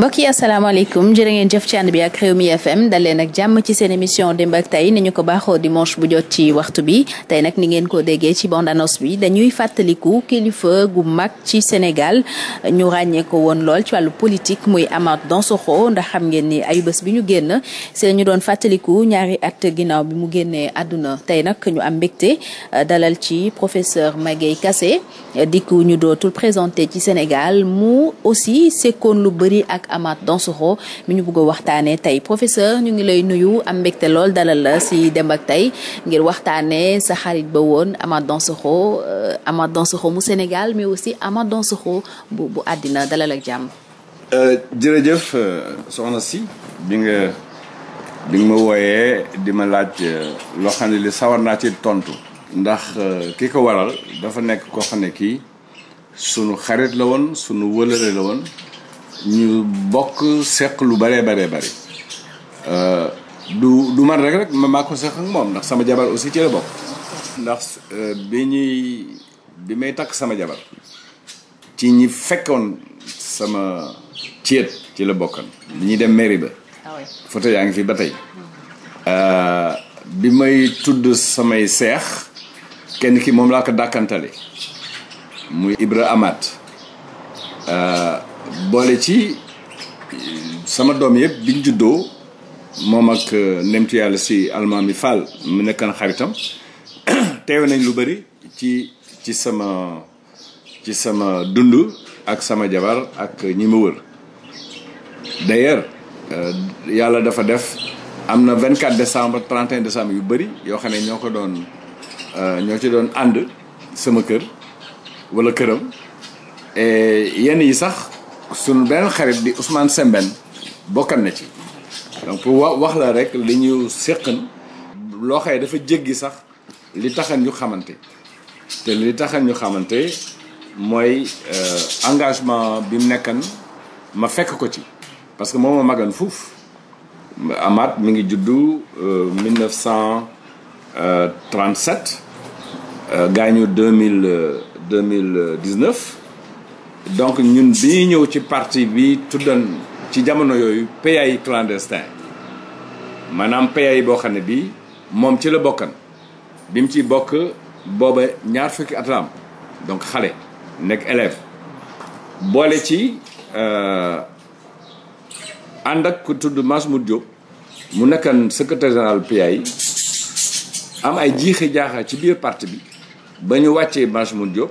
mbokk yi asalaamaaleykum jërë ngeen jëf ci ànd bi ak mi FM dal leen ak jàmm ci seen émission démb ak tey ni ñu ko baaxoo dimanche bu jot ci waxtu bi tey nag ni ngeen ko déggee ci bande annonce bi dañuy fàttaliku kilifa gu mag ci Sénégal ñu ràññee woon lool ci wàllu politique muy Amath Dansokho ndax xam ngeen ni ay bés bi ñu génn si ñu doon fàttaliku ñaari at ginnaaw bi mu génnee àdduna tey nag ñu am mbégte euh, dalal ci professeur Magueye kase euh, dikku ñu dootul présenté ci Sénégal mu aussi sekkoon lu bëri ak amaat Amath Dansokho mi ñu bugg a waxtaanee tey professeur ñu ngi lay nuyu am mbégte lool dalal la si Demb ak Tay ngir waxtaanee sa xarit ba woon Amath Dansokho euh, Amath Dansokho mu Sénégal mais aussi Amath Dansokho bu bu àddina dalal ak jàmm. Euh, jërëjëf euh, soxna si bi nga bi nga ma wooyee di ma laaj loo xam ne li sawar naa ci tontu. ndax ki ko waral dafa nekk koo xam ne kii sunu xarit la woon sunu wëlëre la woon. ñu bokk seq lu bëree bëree bëri euh, du du man rek rek maa ko seq ak moom ndax sama jabar aussi ci la bokk. ndax euh, bi ñuy bi may takk sama jabar ci ñi fekkoon sama ceet ci la bokkan bi ñuy dem mairie ba. Ah photo yaa ngi fi ba tey. Euh, bi may tudd samay seex kenn ki moom laa ko dàkkantale muy Ibra Amaat. boole ci sama doom yëpp biñ juddoo moom ak euh, ndemtu yàlla si almaami Fall mu nekkoon xaritam teew nañ lu bëri ci ci sama ci sama dund ak sama jabar ak ñi ma wër d'ailleurs euh, yàlla dafa def am na 24 décembre 31 décembre yu bëri yoo xam ne ñoo ko doon euh, ñoo ci doon ànd sama kër wala këram yenn yi sax sunu benn xarit bi Ousmane Sembène bokkan na ci donc pour wa wax la rek li ñu séqan loo xëye dafa jéggi sax li taxan ñu xamante te li taxan ñu xamante mooy euh, engagement bi mu nekkan ma fekk ko ci parce que moom ma magan fuuf amaat mi ngi juddu 1937 euh, euh, gaañu 2000 2019 donc ñun bi ñuy ñëw ci parti bi tuddan ci jamono yooyu PAI clandestin maanaam PAI boo xam ne bi moom ci la bokkan bi mu ci bokk booba ñaar fukki at donc xale nekk élève boole ci euh, ànd ak ku tudd Masmoud Diop mu nekkan secrétaire général PAI am ay jiixi jaaxa ci biir parti bi ba ñu wàccee Masmoud Diop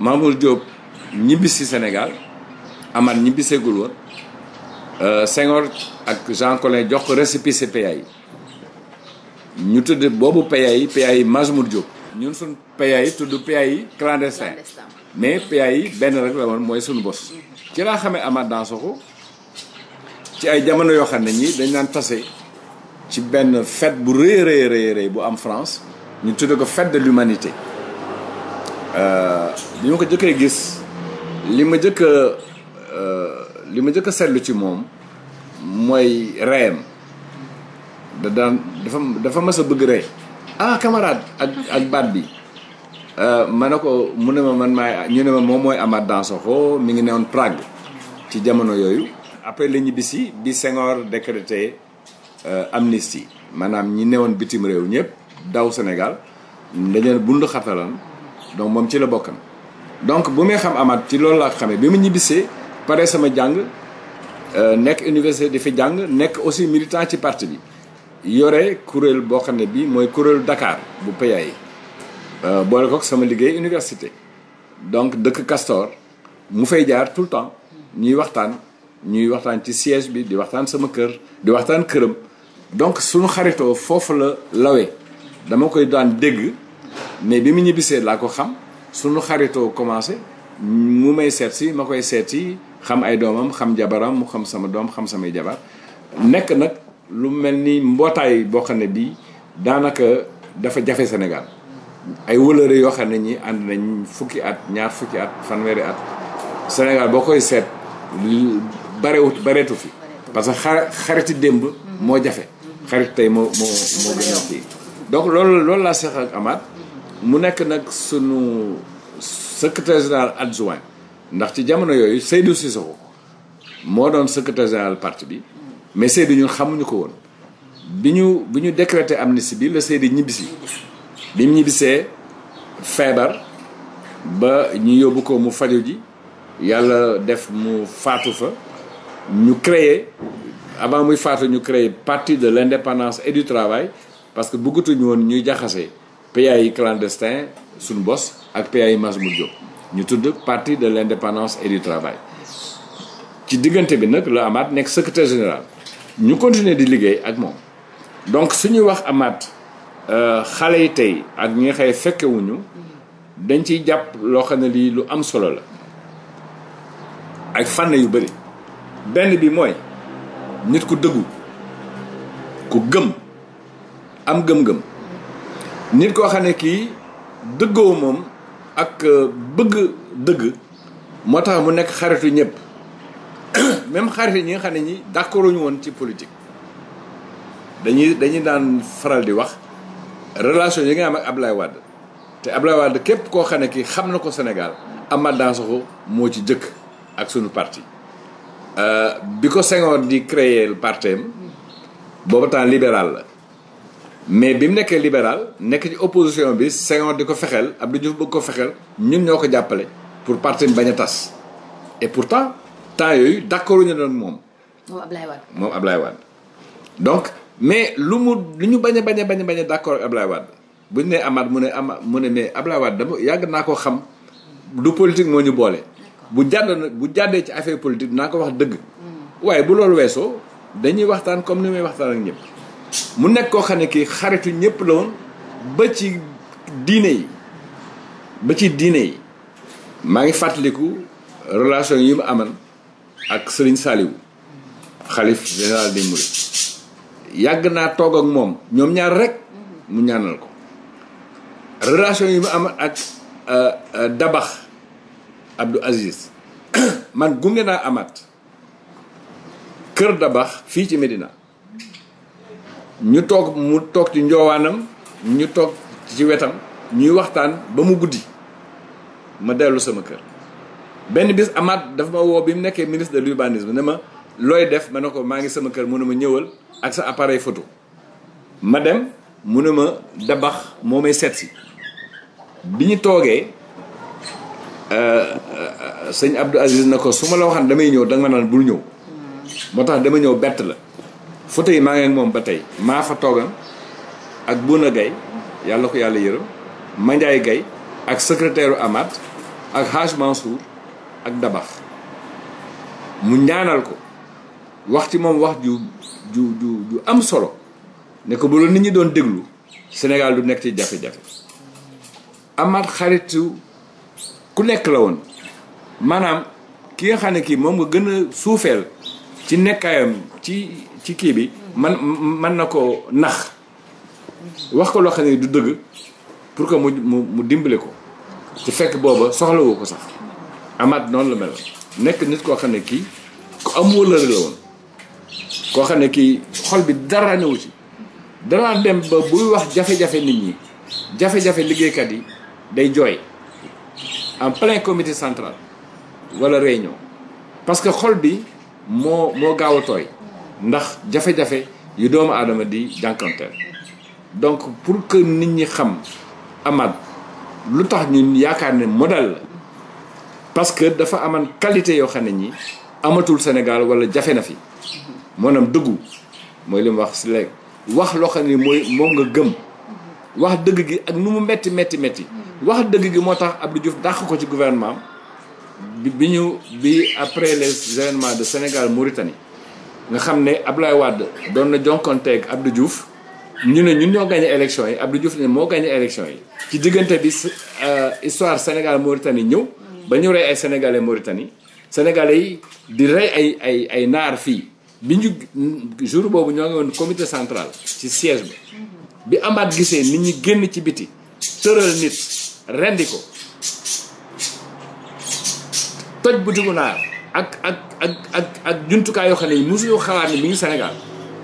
Mamour Diop ñibbisi Sénégal Amath ñibbiseegul woon euh, Senghor ak Jean Collin jox ko récépissé PA yi ñu tudd boobu PA yi PA yi Majmour Diop ñun suñ PA yi tudd PA yi clandestin mais PA yi benn rek woon mooy suñu bos mhm. ci laa xamee Amath ko ci ay jamono yoo xam ne ñii dañ naan tase ci benn fête bu rëy rëy rëy rëy bu am France ñu tudd ko fête de l'humanité euh, bi ma ko jëkkee gis li ma njëkk euh, li ma njëkk a seetlu ci moom mooy reyam da daan dafa dafa mas a bëgg rey ah camarade ak ak baat bi euh, ma ne ko mu ne ma man maay ñu ne ma moom mooy Amath Dansokho mi ngi newoon Prague ci jamono yooyu après la ñibbisi bi Senghor décrété euh, amnistie maanaam ñi newoon bitim réew ñëpp daw Sénégal dañu bundu xatalan donc moom ci la bokkan donc bu may xam amaat ci loolu laa xamee bi ma ñibbisee pare sama jàng euh, nekk université di fi jàng nekk aussi militant ci parti bi yore kuréel boo xam ne bii mooy kuréelu dakaar bu PA yi euh, boole kook sama liggéey université donc dëkk Castor mu fay jaar tout le temps ñuy waxtaan ñuy waxtaan ci siège bi di waxtaan sama kër di waxtaan këram donc suñu xaritoo foofu la lawe dama koy daan dégg mais bi mu ñibbisee laa ko xam suñu xaritoo commencé mu may seet si ma koy seet si xam ay doomam xam jabaram mu xam sama doom xam samay jabar nekk nag lu mel ni mbootaay boo xam ne bii daanaka dafa jafe Sénégal ay wëlëre yoo xam ne ñi ànd nañ fukki at ñaar fukki at fanweeri at Sénégal boo koy seet barewut bareetu fi parce que xar démb moo jafe xarit tey moo moo gën a kii donc loolu laa seex ak amaat mu nekk nag sunu secrétaire général adjoint ndax ci jamono yooyu Seydou Cissokho moo doon secrétaire général parti bi mais Seydou ñun xamuñu ko woon bi ñu bi ñu décrété amnistie bi la Seydou ñibbisi bi mu ñibbisee feebar ba ñu yóbbu ko mu faju ji yàlla def mu faatu fa ñu créer avant muy faatu ñu créer parti de l'indépendance et du travail parce que bëggatuñu woon ñuy jaxasee PA yi clandestin suñu bos ak PA yi Masmoud Diop ñu tudd parti de l'indépendance et du travail ci diggante bi nag la Amath nekk secrétaire général ñu continuer di liggéey ak moom donc suñuy wax Amath euh, xale yi tey ak ñi nga fekkewuñu dañ ciy jàpp loo xam ne lii lu am solo la ak fànn yu bëri benn bi mooy nit ku dëggu ku gëm am gëm-gëm nit koo xam ne kii dëggoo moom ak euh, bëgg dëgg moo tax mu nekk xaritu ñëpp même xarit ñi nga xam ne ñi d'accord ñu woon ci politique dañuy dañuy daan faral di wax relation yi nga am ak Ablaye Wade te Ablaye Wade képp koo xam ne kii xam na ko Sénégal Amath Dansokho moo ci jëkk ak suñu parti euh, bi ko Senghor di créer partem booba temps libéral mais bi mu nekkee libéral nekk ci opposition bi Senghor di ko fexeel ab Abdou Diouf bëgg ko fexeel ñun ñoo ko jàppale pour parti bañ a tas et pourtant temps yooyu d'accord ñu doon moom. moom Ablaye Wade moom Ablaye donc mais lu mu lu ñu bañ a bañ a bañ a bañ a d'accord ak Ablaye Wade bu ñu nee Amath mu ne Amath mu ne mais Ablaye Wade dama yàgg naa ko xam du politique moo ñu boole. bu jàdd na bu jàddee ci affaire politique naa ko wax dëgg. Hmm. waaye bu loolu weesoo dañuy waxtaan comme ni may waxtaan ak ñëpp. mu nekk koo xam ne kii xaritu ñëpp la woon ba ci diine yi ba ci diine yi maa ngi fàttaliku relation yi mu aman ak sëriñ Saliou xalif général des Mourides yàgg naa toog ak moom ñoom ñaar rek mu ñaanal ko relation yi mu am ak euh, euh, Dabax Abdou Aziz man gunge naa amaat kër Dabax fii ci Medina. ñu toog mu toog ci njoowaanam ñu toog ci wetam ñuy waxtaan ba mu guddi ma dellu sama kër benn bis Amath dafa ma woo bi mu nekkee ministre de l'urbanisme ne ma looy def ma ne ko maa ngi sama kër mu ne ma ñëwal ak sa appareil photo ma dem mu ne ma dabax moo may seet bi ñu toogee euh, euh, sëñ Abdou Aziz na ko su ma la waxaan damay ñëw danga ma naan bul ñëw moo tax dama ñëw bett la fa tey maa ngi moom ba tey maa fa toogan ak Bouna Gaye yàlla ko yàlla yërëm Mandiaye gay ak secrétaire Amad ak Haj Mansour ak Dabax mu ñaanal ko wax ci moom wax ju ju ju ju am solo ne ko bu la nit ñi doon déglu Sénégal du nekk ci jafe-jafe Amad xaritu ku nekk la woon maanaam ki nga xam ne kii moom nga gën a suufeel ci nekkaayam ci ci kii bi man man na ko nax wax ko loo xam ne du dëgg pour que mu mu mu ko ci fekk booba soxlawu ko sax amaat noonu la mel nekk nit koo xam ne kii ku am wëlëre la woon koo xam ne kii xol bi dara newu ci danaa dem ba buy wax jafe-jafe nit ñi jafe-jafe liggéeykat yi day jooy en plein comité central wala réunion parce que xol bi moo moo gaaw a tooy ndax jafe-jafe yu doomu aadama di jànkonteel donc pour que nit ñi xam Amath lu tax ñu yaakaar ne modèle la parce que dafa aman qualité yoo xam ne ñi amatul Sénégal wala jafe na fi maanaam dëggu mooy li wax si léegi wax loo xam ne mooy moom nga gëm wax dëgg gi ak nu mu metti metti wax dëgg gi moo tax ab Abdou Diouf dàq ko ci gouvernement bi bi ñu bi après les événements de Sénégal Mauritanie nga xam ne Abdoulaye Wade doon na jonkonteeg Abdou juuf ñu ne ñu ñoo gagné élection yi Abdou Diouf ne moo gagné élection yi ci diggante bi euh, histoire Sénégal Mauritanie ñëw ba ñu rey ay sénégalais Mauritanie sénégalais yi di rey ay ay ay naar fii bi ñu jour boobu ñoo ngi woon comité central ci siège bi bi amaat gisee nit ñi génn ci biti tëral nit rendi ko toj bu dugu naar ak ak ak ak ak jumtukaayu xale yi mosuñu xalaat ne bi ñu Sénégal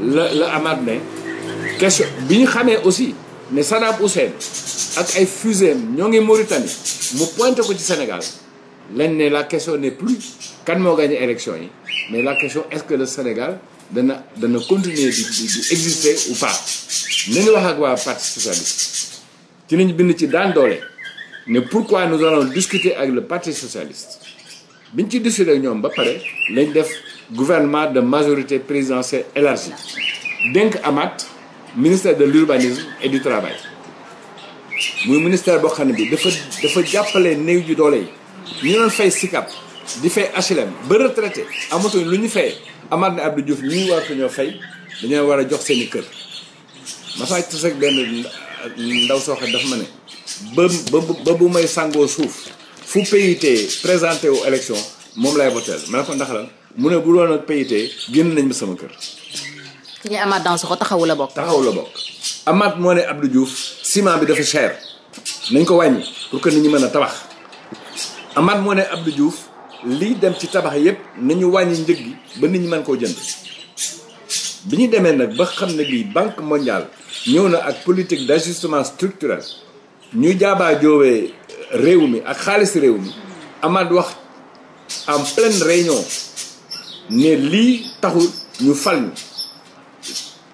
la la amaat ne question bi ñu xamee aussi ne Saddam Hussein ak ay fuséem ñoo ngi Mauritanie mu pointé ko ci Sénégal lañ ne la question n'est plus kan moo gagné élection yi mais la question est-ce que le Sénégal dana dana continuer di di exister ou pas nañu wax ak waa parti socialiste ci lañ bind ci daan doole ne pourquoi nous allons discuter avec le parti socialiste biñ ci décidé ñoom ba pare lañ def gouvernement de majorité présidentielle élargie dénk amaat ministère de l'urbanisme et du travail muy ministère boo xam ne bi dafa dafa jàppale néew ji doole yi ñu doon fay SICAP di fay HLM ba retraité amatuñ lu ñu fay amaat na Abdou Diouf ñi war ñoo fay dañoo war a jox seen i kër ma fay tas ak benn ndaw soo xam dafa ma ne ba ba bu may sangoo suuf fu PIT présenté wu élection moom lay voteel ma ne ko ndax mu ne bu doon ak PIT génn nañ ma sama kër. ki ñuy amaat dans ko taxawu la bokk. taxawu la bokk amaat moo ne Abdou Diouf ciment bi dafa cher nañ ko wàññi pour que ni ñu mën a tabax amaat moo ne Abdou Diouf lii dem ci tabax yépp nañu wàññi njëg gi ba nit ñi mën koo jënd. bi ñu demee nag ba xam ne bii banque mondiale ñëw na ak politique d'ajustement structurel ñuy jaabaa joowee réew mi ak xaalis réew mi Amath wax en pleine réunion ne lii taxul ñu fal ñu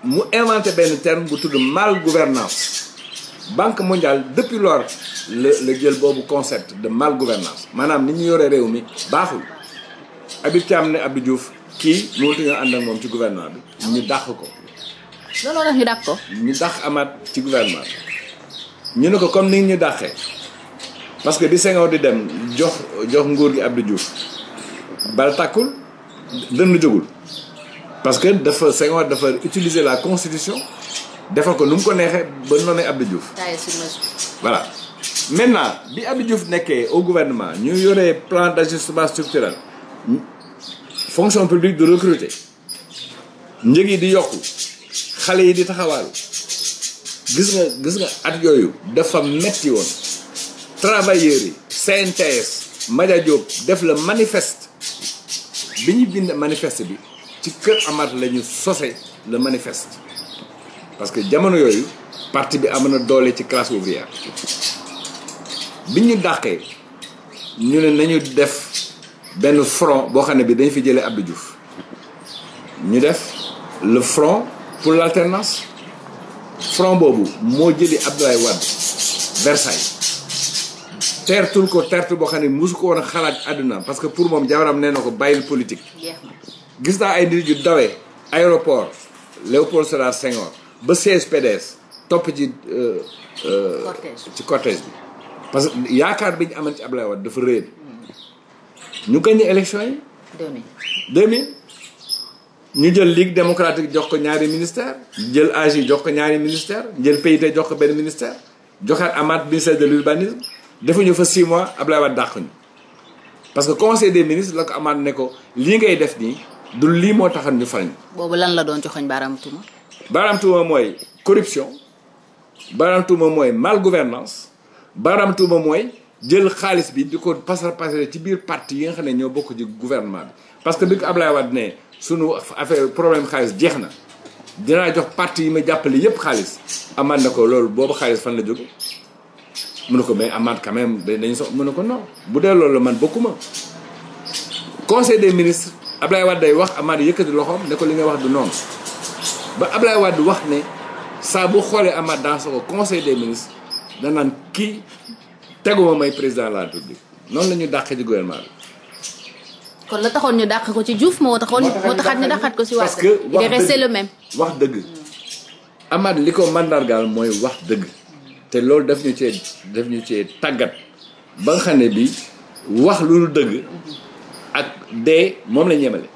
mu inventé benn terme bu tudd mal gouvernance banque mondiale depuis lors la la jël boobu concept de mal gouvernance maanaam ni ñu yore réew mi baaxul Habib Thiam ne Abdou Diouf kii mënatu ñoo ànd ak moom ci gouvernement bi ñu dàq ko looloo tax ñu dàq ko ñu dàq Amath ci gouvernement bi ñu ne ko comme ni ñu dàqee parce que bi Senghor di dem jox jox nguur gi Abdou Diouf bal tàkkul dënn jógul parce que dafa Senghor dafa utiliser la constitution defal ko nu mu ko neexee ba nommé Abdou Diouf voilà maintenant bi Abdou Diouf nekkee au gouvernement ñu yoree plan d'ajustement structurel fonction publique de recruter njëg yi di yokku xale yi di taxawaalu gis nga gis nga at yooyu dafa metti woon travailleurs yi CNTS Madia Diop def la manifest bi ñu bind manifeste bi ci Kër Amath la sose le manifeste parce que jamono yooyu parti bi am na doole ci classe ouvrière bi ñu dàqee ñu ne nañu def benn front boo xam ne bi dañu fi jëlee Abdou juf ñu def le front pour l'alternance front boobu moo jëli Abdoulaye Wade Versailles teertul ko teertul boo xam ne musu ko woon xalaat àdduna parce que pour moom jabaram nee na ko bàyyil politique gis naa ay nit yu dawee aéroport Léopold Sédar Senghor ba siège PDS topp ci euh, euh, ci cortège bi parce que yaakaar bi ñu amoon ci ab Wade dafa réer ñu gagné élection yi ñu jël ligue démocratique jox ko ñaari ministère jël AJ jox ko ñaari ministère jël PIT jox ko benn ministère joxaat amaat ministère de l'urbanisme defuñu fa 6 mois Ablaye Wade dàq parce que conseil des ministres la ko amaat ne ko lii ngay def nii du lii moo taxan ñu fal ñu. boobu lan la doon joxoñ baaraam tuuma. baaraam tuuma mooy corruption baaraam tuuma mooy mal gouvernance baaraam tuuma mooy jël xaalis bi di ko pasar pasare ci biir parti yi nga xam ne ñoo bokk ci gouvernement bi. parce que bi ko Ablaye Wade ne sunu affaire problème xaalis jeex na dinaa jox parti yi ma jàppale yépp xaalis amaat na ko loolu boobu xaalis fan la jóge mu ne ko mais Amath quand même dañu sox mu ne ko non bu dee loolu man bokkuma conseil des ministres Ablaye Wade day wax Amath yëkkati loxoom ne ko li ngay wax du noonu ba Ablaye Wade wax ne saa bu xoolee Amath dans ce conseil des ministres danaan kii teguma may président de la République noonu la ñu dàqee ci gouvernement kon la taxoon ñu dàq ko ci Diouf moo taxoon. moo taxaat ñu dàqaat ko ci Wade. parce wax dëgg il est li ko mandargaal mooy wax dëgg. te loolu daf ñu cee daf ñu cee tàggat ba xam ne bi wax lu dëgg ak dee moom la ñu yemale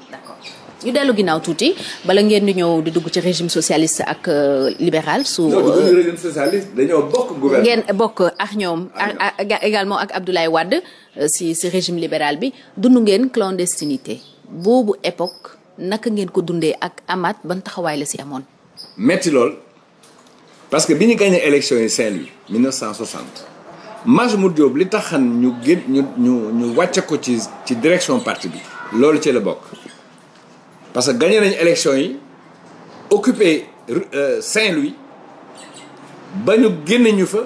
ñu dellu ginnaaw tuuti bala ngeen di ñëw di dugg ci régime socialiste ak euh, libéral su. Euh, régime socialiste dañoo bokk gouvernement. ngeen bokk ak ñoom ak également ak Abdoulaye Wade euh, si si régime libéral bi dund ngeen clandestinité boobu époque naka ngeen ko dundee ak amaat ban taxawaay la si amoon. metti lool. parce que bi ñu gagné élection yi Saint-Louis 1960 mu Diop li taxan ñu génn ñu ñu ñu wàcce ko ci direction parti bi loolu ci la bokk parce que gagné nañu élection yi occupé euh, Saint-Louis ba ñu génne ñu fa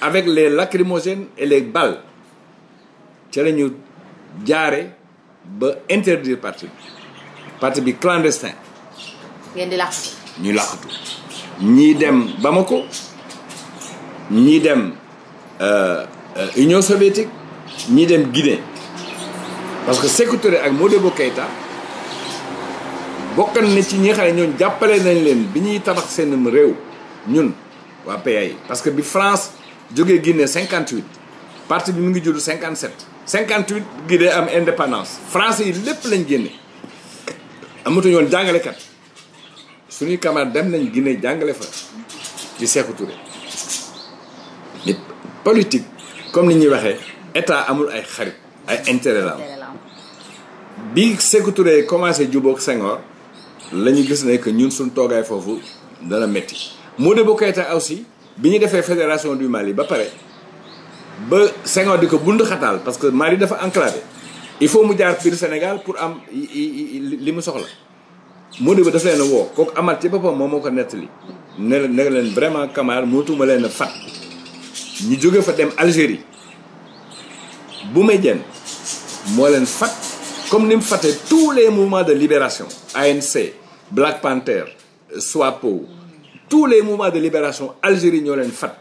avec les lacrymogènes et les balles ci la ñu jaare ba interdire partie bi parti bi clandestin ngeen di làqatu ñu làqatu ñii dem Bamako ñii dem euh, euh, Union soviétique ñii dem Guinée parce que Sékou Touré ak Modibo Keïta bokkan na ci ñi nga ñooñ jàppale nañ leen bi ñuy tabax seenum réew ñun waa PA yi parce que bi France jógee Guinée 58 parti bi mu ngi juddu 57. 58 Guinée am indépendance français yi lépp lañ génne amatuñu woon jàngalekat. suñuy camarades dem nañ Guinée jàngale fa ci Sékou nit politique comme ni ñuy waxee état amul ay xarit ay intérêt la am bi Sékou Touré commencé jubóog Senghor la ñu gis ne que ñun suñ toogaay foofu dana métti Modibo Keïta aussi bi ñu defee fédération du Mali ba pare ba Senghor di ko bund xataal parce que Mali dafa enclavé il faut mu jaar biir Sénégal pour am li mu soxla moo Modou ba daf leen a woo kooku amaat ci boppam moom moo ko nettali. ne leen vraiment Camara mootuma leen a fat ñu jóge fa dem Algérie bu Médiane moo leen fat comme ni mu fatee tous les mouvements de libération ANC Black Panther SWAPO tous les mouvements de libération Algérie ñoo leen fat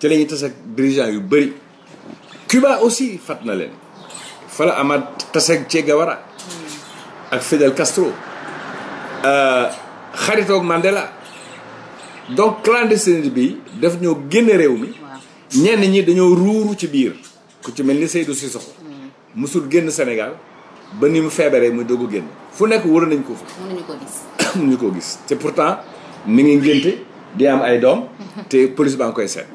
ci lañuy ñuy tase ak yu bëri Cuba aussi fat na leen fala Amath tase ak Che Guevara ak Fidel Castro euh, xaritoog Mandela donc clandestinité bi def ñoo génn réew mi ñenn ñi dañoo ruuru ci biir ku ci mel ni Seydou Cissokho mm. musul génn Sénégal ba ni mu feebaree muy dogu génn fu nekk wula nañ ko ko gis mënuñu ko gis te pourtant mi ngi ngénte di am ay doom te police baa ngi koy seet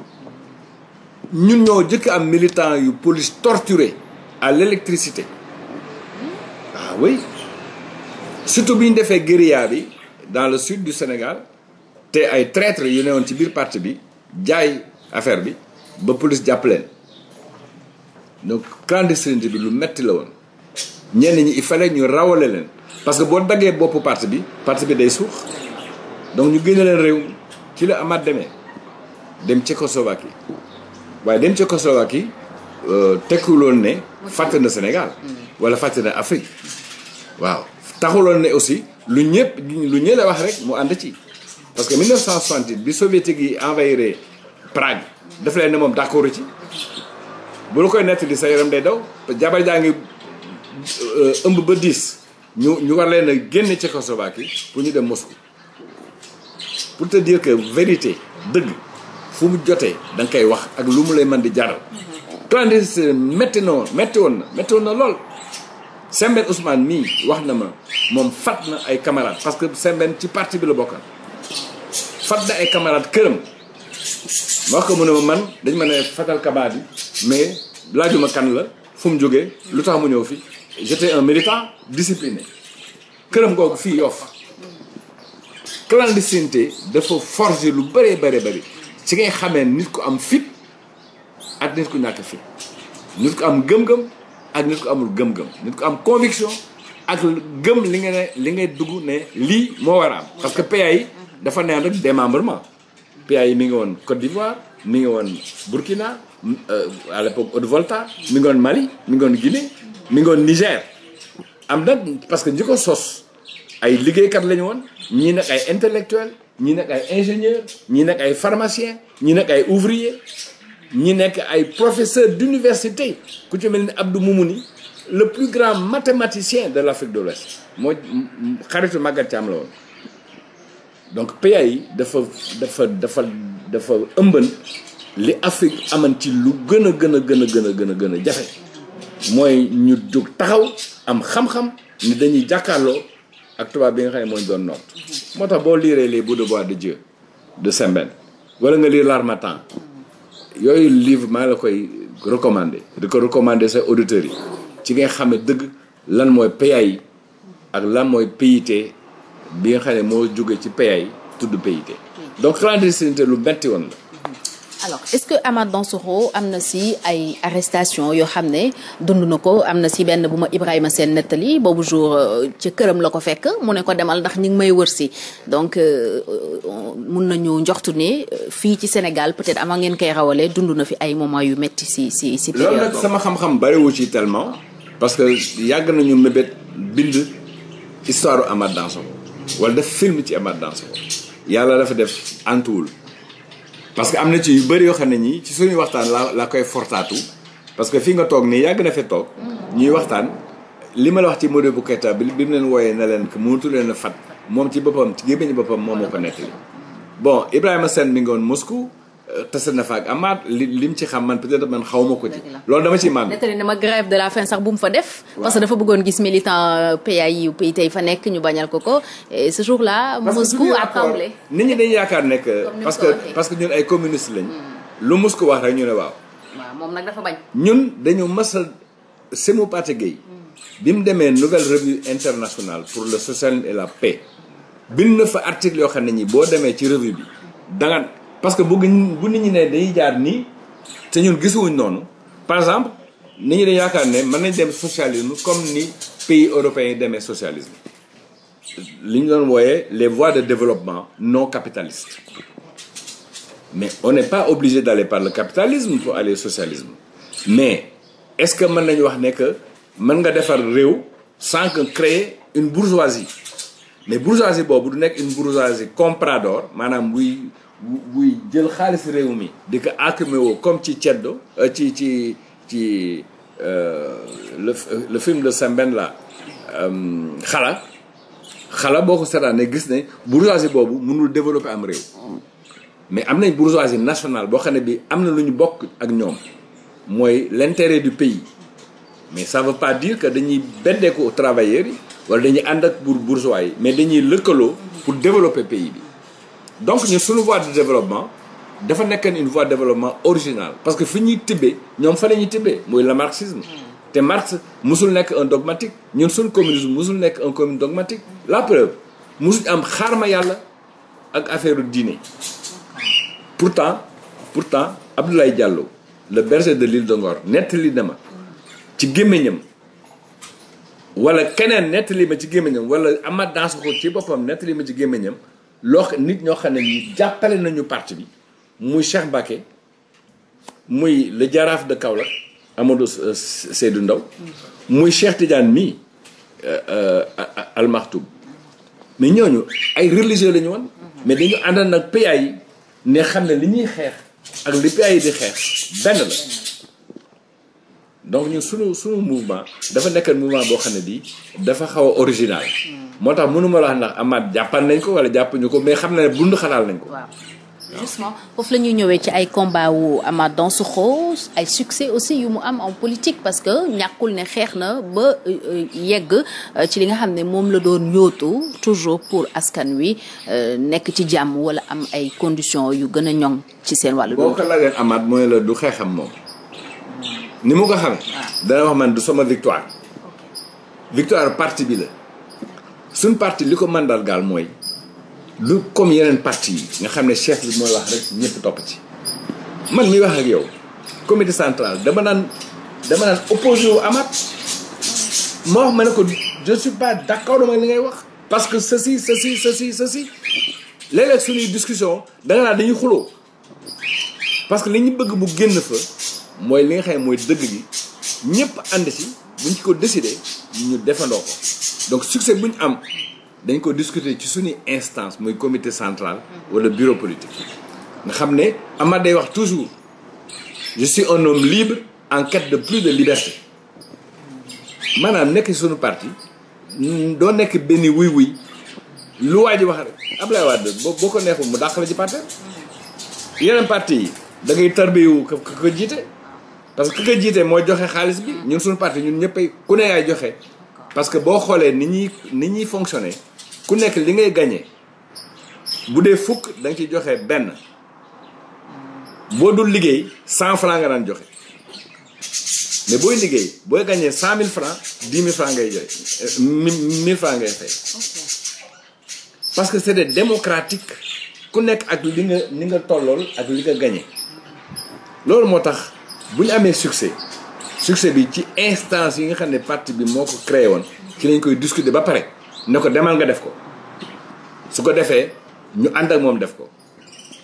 ñun ñoo jëkk am militant yu police torturé à l'électricité hmm? ah oui surtout bi ñu defee guérilla bi dans le sud du Sénégal te ay traître yu newoon ci biir parti bi jaay affaire bi ba police jàppaleen donc clandestinité bi lu metti la woon ñenn ñi il ñu rawale leen parce que boo daggee boppu parti bi parti bi day suux donc ñu génne leen réew ci la amaat demee dem Tchécoslovaquie waaye dem Tchécoslovaquie euh, tekkuloon ne fàtte na Sénégal mm. fàtte na Afrique waaw taxuloon ne aussi lu ñëpp lu ñële wax rek mu ànd ci parce que 1968 bi soviétique yi envahir Prague daf leen ne moom d'accord ci bu la koy nettali sa yaram day daw jabar jaa ngi euh, ëmb ba diis ñu ñu war leen a génne Tchécoslovaquie pour ñu dem Moscou pour te dire que vérité dëgg fu mu jotee da nga koy wax ak lu mu lay mën di jaral clandestin mm-hmm. métti na woon métti woon na métti woon na lool Sembène Ousmane mii wax na ma moom fat na ay camarades parce que Sembène ci parti bi la bokkal fat na ay camarades këram ma wax ko mu ne ma man dañ ma ne fatal kabaat yi mais laajuma kan la fu mu jógee lu tax mu ñëw fi j'étais un militant discipliné këram googu fii Yoff clandestinité dafa forger lu bëree bëri bari si ngay xamee nit ku am fit ak nit ku ñàkk fit nit ku am gëm-gëm ak nit ko amul gëm-gëm nit ko am conviction ak gëm li nga li ngay dugg ne lii moo war a parce que PA yi dafa neen rek démembrement PA yi mi ngi woon Côte d'Ivoire mi ngi woon Burkina euh, à l'époque Haute-Volta mi ngi woon Mali mi ngi woon Guinée mi ngi woon Niger am nag parce que ñi ko sos ay liggéeykat la ñu woon ñii nag ay intellectuel ñii nekk ay ingénieur ñii nag ay pharmacien ñii nekk ay ouvrier ñi nekk ay professeurs d'université ku ci mel ni Abdou Moumouni le plus grand mathématicien de l'Afrique de l'Ouest moo xaritu Magatte Thiam la woon donc PAI dafa dafa dafa dafa ëmban li Afrique aman ci lu gën a gën a gën a gën a gën a gën a jafe mooy ñu jóg taxaw am xam-xam ni dañuy jàkkaarloo ak tubaab bi nga xam ne mooy doon noot moo tax boo liiree les bouts de bois de Dieu de Sembène wala nga liir l'Harmattan yooyu livre maa la koy recommandé di ko recommandé sa auditeurs yi ci ngay xam ne dëgg lan mooy PAI ak lan mooy PIT bi nga xam ne moo jóge ci PAI tudd PIT hmm. donc clandestinité lu metti woon la alors est-ce que Amath Dansokho am na si ay arrestation yoo xam ne dund na ko am na si benn bu ma Ibrahima Sène nettali boobu jour euh, ci këram la ko fekk mu ne ko demal ndax ñu ngi may wër si donc euh, euh, mun nañu njoxtu ne fii ci Sénégal peut-être avant ngeen koy rawale dund na fi ay moment yu metti si si si période loolu sama xam-xam bariwu ci tellement parce que yàgg nañu mébét bind histoire Amath Dansokho wala def film ci Amath Dansokho yàlla dafa def antuwul parce que am na ci yu bëri yoo xam ne ñi ci suñu waxtaan la laa koy fortaatu parce que fii nga toog nii yàgg na fi toog ñuy waxtaan li ma la wax ci Modou Boukheta bi bi mu leen wooyee na leen que mënatu leen a fat moom ci boppam ci gémmiñu boppam moom moo ko nettali bon Ibrahima Sène mi ngi woon Moscou tase na faak amaat li lim ci xam man peut ko ci. loolu dama ci màgg. nettali na ma grève de la faim sax bu mu fa def. parce que dafa bëggoon gis militant euh, PAI yu tey fa nekk ñu bañal ko ko et ce jour là. Moscou a tremblé nit ñi dañu yaakaar nekk parce que parce que ñun ay communiste lañ. Hmm. lu Moscou wax rek ñu moom nag dafa bañ. ñun dañu mas a Semou Pathé hmm. bi mu demee nouvelle revue internationale pour le socialisme et la paix bi na fa article yoo xam ne ñi boo demee ci revue bi parce que bu bu nit ñi nee dañuy jaar nii te ñun gisuwuñ noonu par exemple ni ñu dañ yaakaar ne mën nañ dem socialisme comme ni pays européens yi demee socialisme li ñu doon wooyee les voies de développement non capitalistes mais on n'est pas obligé d'aller par le capitalisme pour aller au socialisme mais est-ce que mën nañu wax ne que mën nga defar réew sans que créer une bourgeoisie mais bourgeoisie boobu du nekk une bourgeoisie comprador maanaam buy buy jël xaalis réew mi di ko accumé woo comme ci ceddo euh, ci ci ci euh, le le film de semben la euh, xala xala boo ko seetaanee gis ne bourgeoisie boobu mënul développer am réew mais am nañ bourgeoisie nationale boo xam ne bi am na lu ñu bokk ak ñoom mooy l'intérêt du pays mais ça veut pas dire que dañuy beddeeku travailleurs yi wala dañuy ànd ak pour bourgeois yi mais dañuy lëkkaloo pour développer pays bi donc ñun suñu voie de développement dafa nekkoon une voie de développement originale parce que fi ñuy tibbee ñoom fan la ñu tibbee mooy le marxisme hmm. te Marx musul nekk un dogmatique ñun suñu communisme musul nekk un commune dogmatique la preuve musuñ am xaarma yàlla ak affaire diine pourtant pourtant Abdoulaye Diallo le berger de l'île de Ngor nettali na ma ci gémmiñam wala keneen nettali ma ci gémmiñam wala Amath Dansokho ci boppam nettali ma ci gémmiñam loo nit ñoo xam ne ñi jàppale nañu parti bi muy Cheikh Mbacké muy le jaraaf de Kaolack Amadou Seydou Ndaw muy Cheikh Tidiane mii euh, euh, Al mais mais ñu ay religieux la ñu mais dañu àndal nag PA yi ne xam ne li ñuy xeex ak li PA yi di xeex benn la donc ñu suñu suñu mouvement dafa nekk mouvement boo xam ne bii dafa xaw a original. moo tax mënuma la wax ndax Amath jàppal nañ ko wala jàppuñu ko mais xam na ne bund xalaal nañ ko. justement foofu la ñuy ñëwee ci ay combat wu Amath ay succès aussi yu mu am en politique parce que ñàkkul ne xeex na ba euh, euh, yegg euh, ci li nga xam ne moom la doon yóotu toujours pour askan wi nekk ci jàmm wala am ay conditions yu gën a ñoŋ ci seen wàllu. boo ko laajee amaat mooy la du xeexam moom. ni mu ko xamee. Ah. dana wax man du sama victoire. victoire parti bi la. suñ parti li ko man daal gaal mooy. lu comme yeneen parti yi nga xam ne chef bi mooy wax rek ñëpp topp ci. man mi wax ak yow. comité central dama naan dama naan opposé wu amaat. moo wax ma ne ko je suis pas d'accord ma li ngay wax. parce que ceci ceci ceci ceci léeg-léeg suñuy discussion da nga naan dañuy xuloo parce que li ñu bëgg mu génn fa. mooy li nga xam ne mooy dëgg gi ñëpp ànd si buñ ci ko décidé ñu defandoo ko donc succès bu ñu am dañ ko discuter ci suñu instance muy comité central wala bureau politique nga xam ne Amath day wax toujours je suis un homme libre en quête de plus de liberté maanaam nekk suñu parti doo nekk benn wuy wuy lu waa ji wax rek Ablaye Wade boo ko neexul mu dàq la ci parti yeneen parti yi da ngay tarbiyu ko ko jiite parce que ki jiitee moo joxe xaalis bi ñun suñu parti ñun ñëppay ku ne joxe parce que boo xoolee ni ñuy ni ñuy fonctionner ku nekk li ngay gagné bu dee fukk da nga ciy joxe benn boo dul liggéey cent franc nga daan joxe mais booy liggéey booy gañee cent mille franc dix mille franc ngay joxe euh, mille franc ngay fay. parce que c'est des démocratique ku nekk ak li nga li nga tollool ak li nga gagné loolu moo tax. bu ñu amee succès succès bi ci instance yi nga xam ne parti bi moo ko créé woon ci lañ koy discuter ba pare ne ko demal nga def ko su ko defee ñu ànd ak moom def ko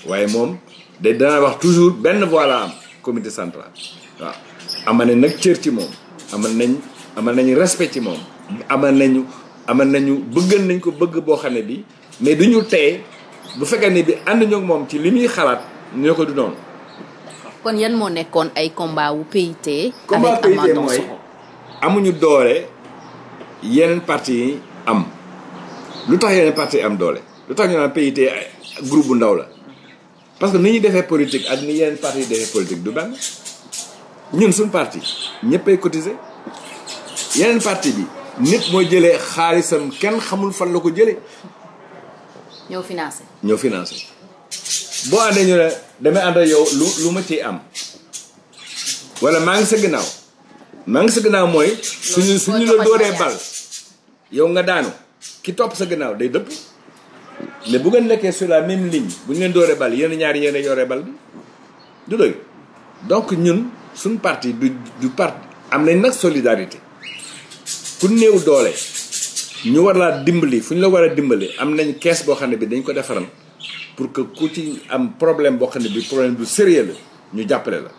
waaye moom da dana wax toujours benn voilà la am comité central waaw ama nañ nag cër ci moom amal nañ amal nañu respect ci moom amal nañu amal nañu bëggal nañ ko bëgg boo xam ne bi mais du ñu teye bu fekkee ne bi ànd ñoo moom ci li muy xalaat ñoo ko du noonu kon yan moo nekkoon ay combat wu PIT. combat PIT mooy amuñu doole yeneen parti yi am lu tax yeneen parti am doole lu tax ñu naan PIT groupe bu ndaw la parce que ni ñuy defee politique ak ni yeneen parti yi defee politique du benn ñun suñ parti ñëppay cotiser yeneen parti bi nit mooy jëlee xaalisam kenn xamul fan la ko jële ñëw financé ñoo financé. boo àndee ñu ne damay ànd yow lu lu ma ciy am wala maa ngi sa ginnaaw maa ngi sa ginnaaw mooy suñu suñu la dóoree bal yow nga daanu ki topp sa ginnaaw day dëpp mais bu ngeen nekkee sur la même ligne bu ñu leen dooree bal yéen ñaari yéen a yoree bal bi du doy donc ñun suñ parti du du parti am nañ nag solidarité ku néew doole ñu war laa dimbali fu ñu la war a dimbali am nañ kees boo xam ne bi dañ ko defaral pour que ku ci am problème boo xam ne bi problème bu sérieux la ñu jàppale la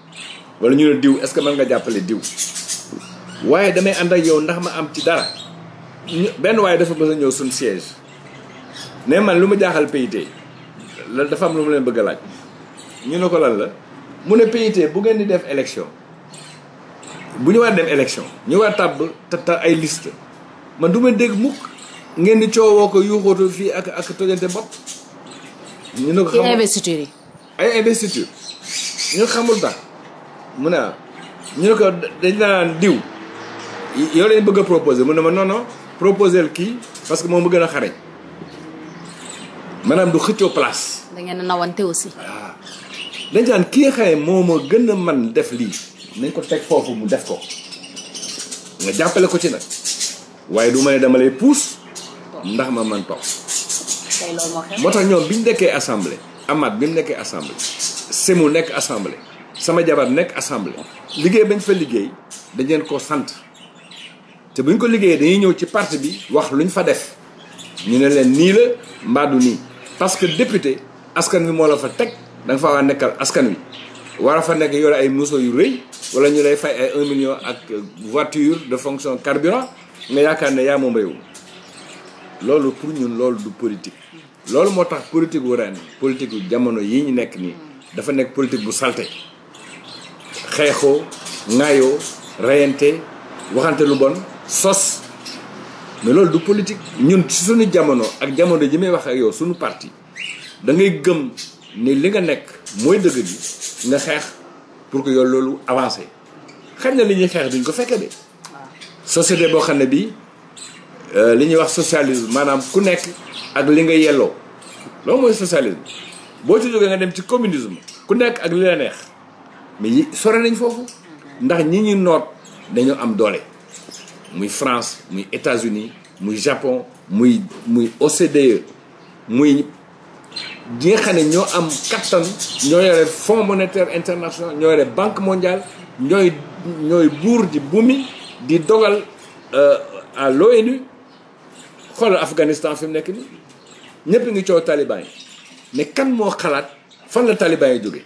wala ñu ne diw est-ce que mën nga jàppale diw waaye damay ànd ak yow ndax ma am ci dara benn waaye dafa mën a ñëw suñ siège ne man lu ma jaaxal PIT la dafa am lu mu leen bëgg laaj ñu ne ko lan la mu ne PIT bu ngeen di def élection bu ñu war dem élection ñu war tàbb tata ay liste man du ma dégg mukk ngeen di coowoo ko yuuxootu fii ak ak tojante bopp ñu ne ko xamul ci investiture yi. xamul tax mu ne ñu ne ko dañ naan diw yow leen bëgg a proposer mu ne ma non non proposer kii parce que moom mu gën a xarañ maanaam du xëccoo place. da ngeen nawante aussi. waaw dañ kii xëy moo ma gën a man def lii nañ ko teg foofu mu def ko nga jàppale ko ci nag waaye du ma ne dama lay puus ndax ma man toog. tey loolu moo tax ñoom bi ñu nekkee assemblée Amath bi mu nekkee assemblée Semou nekk assemblée sama jabar nekk assemblée liggéey bañ fa liggéey dañ leen koo sant te buñ ko liggéeyee dañuy ñëw ci parti bi wax lu luñ fa def ñu ne leen nii la mbaadu nii parce que député askan wi moo la fa teg da fa war a nekkal askan wi. war a fa nekk yore ay muso yu rëy wala ñu lay fay ay 1 million ak voiture de fonction carburant nga yaakaar ne yaa moom réew loolu pour ñun loolu du politique. loolu moo tax politique wu ren politique wu jamono yi ñu nekk nii dafa nekk politique bu salte xeexoo ŋaayoo reyante waxante lu bon sos mais loolu du politique ñun si suñu jamono ak jamono ji may wax ak yow suñu parti da ngay gëm ni li nga nekk mooy dëgg bi nga xeex pour que yow loolu avancé xañ na li ñuy xeex duñ ko fekke de société boo xam ne bii Euh, li ñuy wax socialisme maanaam ku nekk ak li nga yelloo loolu mooy socialisme boo ci jógee nga dem ci communisme ku nekk ak li la neex mais sore nañ foofu ndax ñi ñu noot dañoo am doole muy France muy États-Unis muy Japon muy muy OCDE muy ñi nga xam ne ñoo am kattan ñoo yore Fonds monétaire international ñoo yore Banque mondiale ñooy ñooy buur di bumi di dogal euh, à l'ONU xoolal Afghanistan fi nekk nii ñëpp ngi coow taliban yi mais kan moo xalaat fan la taliban yi jóge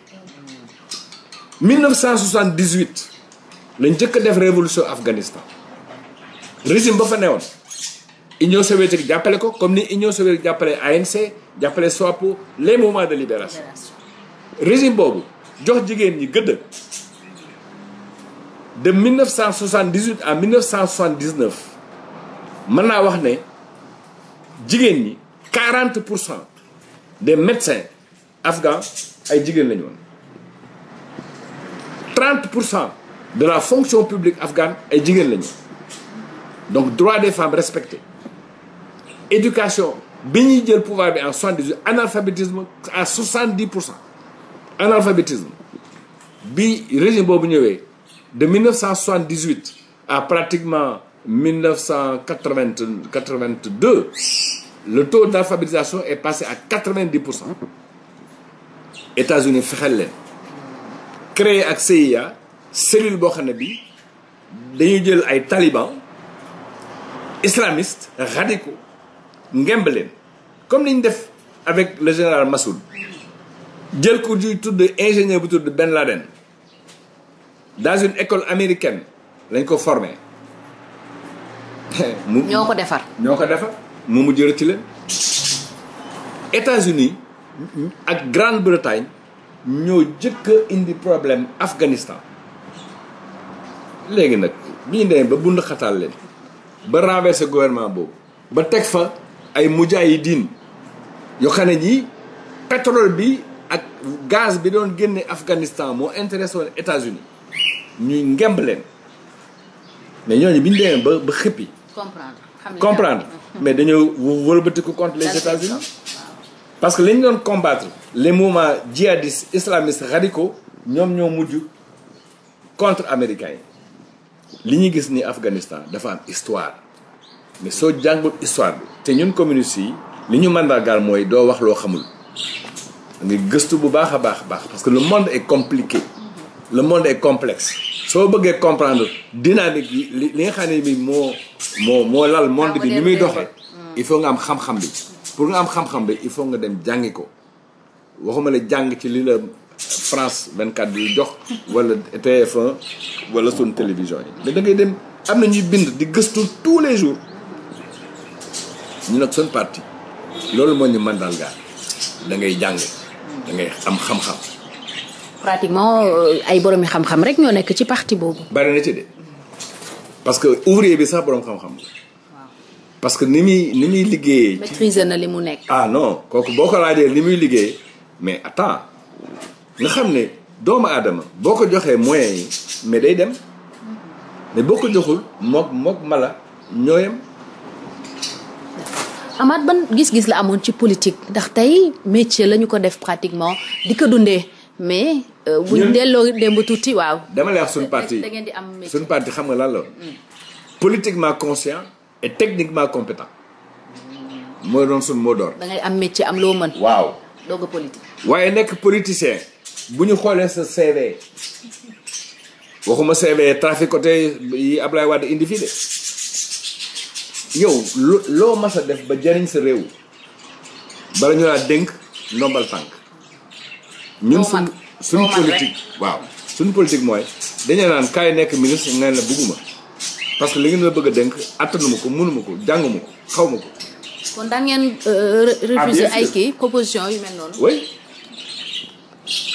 1978 lañ njëkk a def révolution Afghanistan régime ba fa ne newoon Union soviétique jàppale ko comme ni Union soviétique jàppale ANC jàppale SWAPO les mouvements de libération régime boobu jox jigéen ñi gëdd de 1978 à 1979 mën naa wax ne jigéen ñi 40 pour cent des médecins afghans ay jigéen lañu woon pour cent de la fonction publique afghane ay jigéen lañu donc droit des femmes respecte éducation bi ñuy jël pouvoir bi en 78 analphabétisme à 70 pour cent analphabétisme bi régime boobu ñëwee de 1978 à pratiquement 1982, le taux d'alphabétisation est passé à 90%. États-Unis fexeel leen créé ak CIA cellule boo xam ne bi dañuy jël ay talibans islamistes radicaux ngemb leen comme ni ñu def avec le général Massoud jël ku ñuy tudd ingénieur bu tudd Ben Laden dans une école américaine lañ ko forme mu ñoo ko defar. ñoo ko defar mu mujj rëcc leen. États-Unis ak Grande-Bretagne ñoo jëkk indi problème Afghanistan léegi nag bi ñu demee ba bund xataal leen ba renversé gouvernement boobu ba teg fa ay mujaahidiin yoo xam ne ñi pétrole bi ak gaz bi doon génne Afghanistan moo intéressé woon États-Unis ñuy ngemb leen mais ñooñu bi ñu demee ba ba xippi comprendre comprendre mais dañoo wëlbatiku contre les États-Unis parce que li ñu doon combattre les mouvements djihadistes islamistes radicaux ñoom ñoo mujj contre américains yi li ñu gis ni Afghanistan dafa am histoire mais soo jàngul histoire bi te ñun communistes yi li ñu mandargaal mooy doo wax loo xamul ngi gëstu bu baax a baax a baax parce que le monde est compliqué le monde est complexe soo bëggee comprendre dynamique yi li li nga xam ne bi moo moo moo lal monde bi ni muy doxee il faut nga am xam-xam bi pour nga am xam-xam bi il faut nga dem jàngi ko waxuma la jàng ci li la France 24 bi jox wala TF1 wala suñu télévision yi mais da ngay dem am na ñuy bind di gëstu tous les jours ñu nag suñu parti loolu moo ñu mën daal gaal ngay jàng da ngay am xam-xam pratiquement euh, ay borom yi xam-xam rek ñoo nekk ci parti boobu. bari na ci de parce que ouvrier bi sax borom xam-xam parce que ni muy ni muy liggéeyee. maîtriser na li mu nekk. ah non kooku boo ko laajee ni muy liggéey mais attends nga xam ne doomu aadama boo ko joxee moyens yi mais day dem mais boo ko joxul mook mook mala ñooyam. Amath ban gis-gis la amoon ci politique ndax tey métier lañu ko def pratiquement di ko dundee. mais euh, bu ñu delloo démb tuuti waaw. dama lay wax suñu parti da ngeen di am suñu parti xam nga lan la. Mm. politiquement conscient et techniquement compétent. mooy doon suñ mot d'ordre. da ngay am am loo mën. waaw doog a politique. waaye nekk politicien bu ñu xoolee sa CV waxuma CV traficoté yi Ablaye Wade indi fii de yow loo mas a def ba jëriñ sa réew bala ñu laa dénk ndombal tànk. ñun suñ suñ politique waaw suñ politique mooy dañu naan kaay nekk ministre nga ne bugguma parce que li ngeen la bëgg a dénk attanuma ko mënuma ko jànguma ko xawma ko kon daan ngeen euh, ah, refuser ay kii proposition yu mel noonu oui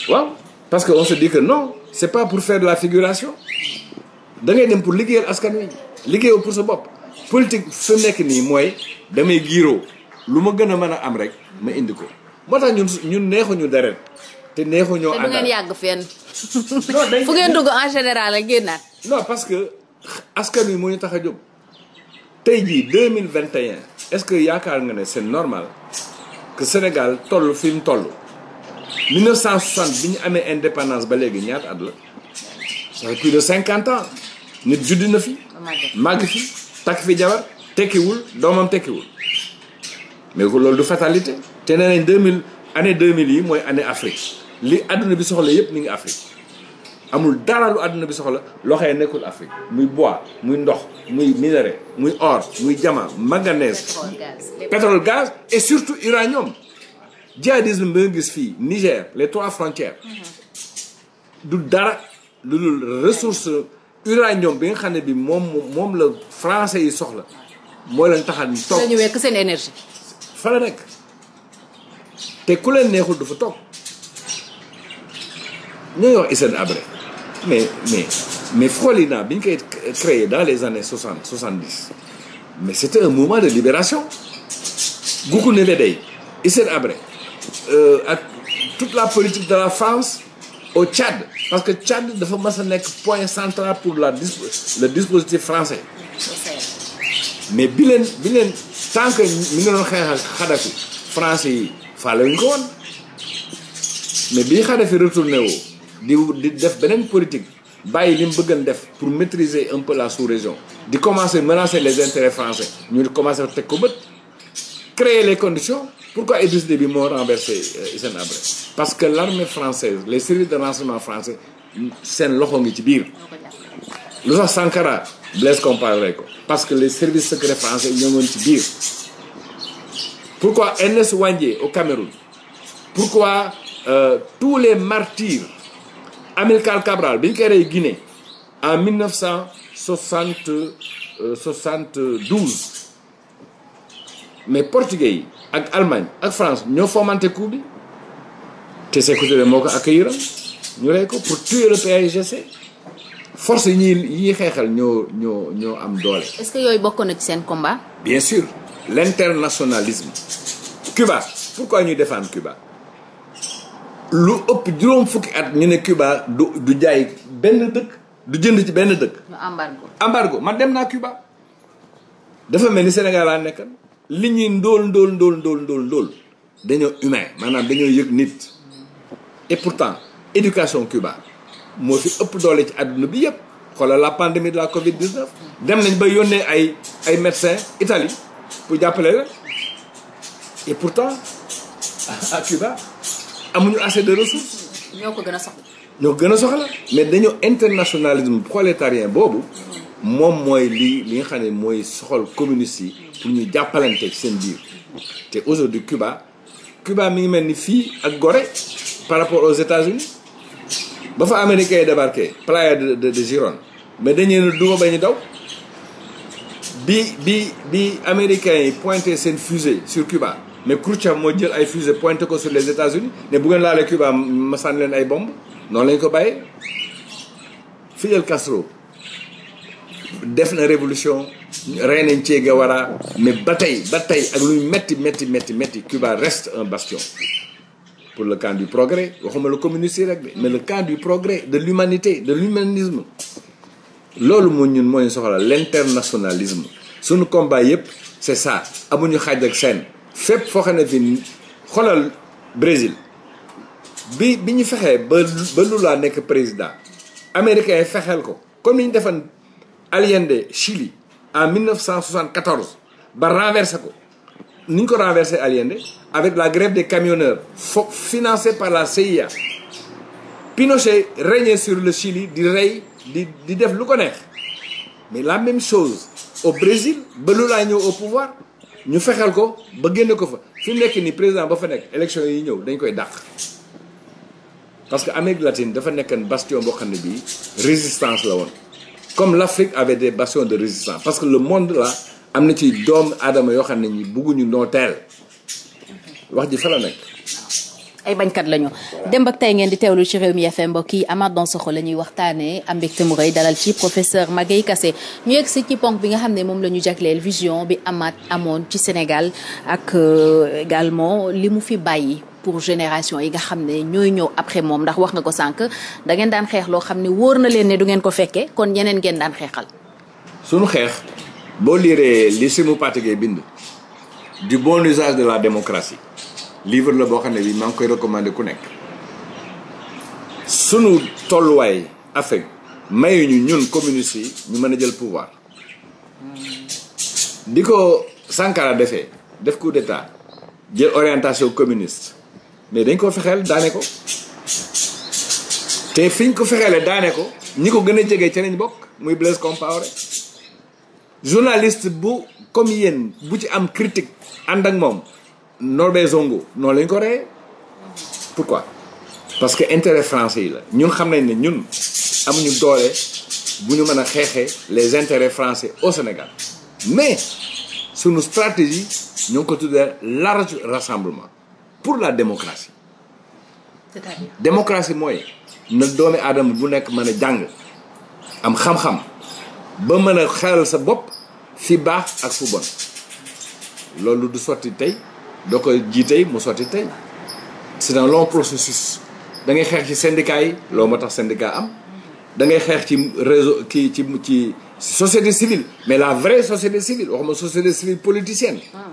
waaw parce que on se dit que non c'est pas pour faire de la figuration da ngay dem pour liggéeyal askan wi liggéeyoo pour sa bopp politique su nekk nii mooy damay giiroo lu ma gën a mën a am rek ma indi ko moo tax ñun ñun neexuñu deret te neexuñoo àndal te du ngeen yàgg fenn. fu ngeen dugg en général ak génnaat. non parce que askan wi moo ñu tax a jóg. tey jii deux mille vingt et est-ce que yaakaar nga ne c'est normal que Sénégal toll fii mu toll. 1960 bi ñu amee indépendance ba léegi ñaata at la. plus de cinquante ans. nit juddi na fi. màgg fi takk fi jabar tekkiwul doomam tekkiwul. mais loolu du fatalité. te nee nañ deux mille année deux mille yi mooy année Afrique. li àdduna bi soxla yëpp mi ngi Afrique amul dara lu adduna bi soxla loxo nekkul Afrique muy bois muy ndox muy minerai muy or muy diamant manganèse pétrole gaz et surtout uranium djihadisme bi nga gis fii Niger les trois frontières mm-hmm. du dara lu dul ressource uranium bi nga xam ne bi moom la français yi soxla moo leen taxal toog dañu wekk seen énergie fa la nekk te ku leen neexul du fa toog ñooy wax ISEN Habré mais mais mais Frolina bi ñu koy créé dans les années soixante soixante dix mais c' était un mouvement de libération Goukounélé day ISEN Habré ak toute la politique de la France au Tchad parce que Tchad dafa mas a nekk point central pour la le dispositif français mais bi leen bi leen tant que mi ngi doon xeex ak Kadhafi français yi faale ñu ko woon mais bi Kadhafi retourné woo di di def beneen politique bàyyi li mu bëggan def pour maîtriser un peu la sous-région di commencer menacer les intérêts français ñu commencer teg ko bët créer les conditions pourquoi Idriss Déby moo renversé euh, Hissène Habré parce que l'armée française les services de renseignement français seen loxo ngi ci biir lu sax Sankara Blaise Compaoré ko parce que les services secrets français ñoo ngoon ci biir pourquoi Ernest Ouandié au Cameroun pourquoi euh, tous les martyrs Amilcar Cabral bi ñu koy rey Guinée en 1972 euh, mais portugais yi ak Allemagne ak France ñoo fomenté coup bi te Sékou moo ko ak accueillir ñu rey ko pour tuer le PAIGC force yi ñuy xeexal ñoo ñoo ñoo am doole. est-ce que yooyu bokkoon na ci seen combat. bien sûr l'internationalisme. Cuba pourquoi ñuy défendre Cuba. lu ëpp juróom fukki at ñu ne Cuba du du jaay benn dëkk du jënd ci benn dëkk. embargo embargo man dem naa Cuba. dafa mel ni Sénégal laa nekk li ñuy ndóol ndóol ndóol ndóol ndóol ndóol dañoo humain maanaam dañoo yëg nit. et pourtant éducation Cuba moo fi ëpp doole ci àdduna bi yëpp xoolal la pandémie de la Covid 19. dem nañ ba yónnee ay ay médecins Italie pour jàppale la et pourtant à Cuba. amuñu assez de ressources. ñoo ko gën a ñoo ko gën a soxla mais dañoo internationalisme prolétarien boobu. moom mooy li li nga xam ne mooy soxal communiste yi pour ñu jàppalante seen biir te aujourd'hui Cuba Cuba mi ngi mel ni fii ak gore par rapport aux États-Unis ba fa américains yi débarqué playa de de Giron mais dañu ne duma ba ñu daw bi bi bi américains yi pointé seen fusée sur Cuba mais Khrouchtchev moo jël ay fusées pointé ko sur les États-Unis ne bu ngeen laalee Cuba ma sànni leen ay bomb noonu lañ ko bàyyee Fidel Castro def na révolution rey nañ Che Guevara mais ba tey ba tey ak luy metti metti metti metti Cuba reste un bastion pour le camp du progrès waxuma le communiste yi rek de mais le camp du progrès de l'humanité de l'humanisme loolu moo ñun mooy soxla l'internationalisme suñu combat yépp c'est ça amuñu xaaj ak seen fépp foo xam ne fi xoolal Brésil bi bi ñu fexee ba ba laa nekk président américain fexeel ko comme ni ñu defan Allende Chili en 1974 ba renversé ko ni ñu ko renversé Allende avec la grève des camionneurs fo financé par la CIA Pinochet régnait sur le Chili di rey di di def lu ko neex mais la même chose au Brésil ba Lula ñëw au pouvoir ñu fexeel ko ba génne ko fa fi nekk ni président ba fa nekk élection yi ñëw dañ koy dàq parce que Amérique latin dafa nekkan bastion boo xam ne bii résistance la woon comme l'Afrique avait des bastions de résistance parce que le monde là am na ci doom aadama yoo xam ne ñi bugguñu noo teel wax ji fa la nekk ay bañkat lañu démb ak tey ngeen di teewlu ci Rewmi FM mbokk yi Amath Dansokho la ñuy waxtaanee am mbégte mu rëy dalal ci professeur Magueye Kassé ñu yegg si ci ponk bi nga xam ne moom lañu ñu jagleel vision bi amaat amoon ci Sénégal ak euh, également li mu fi bàyyi. pour génération yi nga xam ne ñooy ñëw après moom ndax wax nga ko sànq dangeen daan xeex loo xam ne wóor na leen ne du ngeen ko fekkee kon ñeneen ngeen daan xeexal. su sunu xeex boo liiree li sunu livre la boo xam ne bi maa ngi koy recommandé ku nekk sunu tolluwaay affect mayuñu ñun communistes yi ñu mën a jël pouvoir di ko Sankara defee def coup d'état jël orientation communiste mais dañ koo fexeel daane ko te fiñ ko fexeele daane ko ñi ko gën a jege ca lañ bokk muy Blaise Compaoré journaliste bu comme yéen bu ci am critique ànd ak moom Norbert Zongo noonu lañ ko reyee quoi parce que intérêt français yi la ñun xam nañ ne ñun amuñu doole bu ñu mën a xeexee les intérets français au Sénégal mais sunu stratégie ñoo ngi ko tuddee large rassemblement pour la démocratie cest à démocratie mooy na doomi aadama bu nekk mën a jàng am xam-xam ba mën a xelal sa bopp fi baax ak fu bon loolu du sotti tey donc ko tey mu sotti tey c'est un long processus da ngay xeex ci syndicat yi loo moo tax syndicat am da ngay xeex ci réseau ci ci ci société civile mais la vraie société civile waxuma société civile politicienne ah.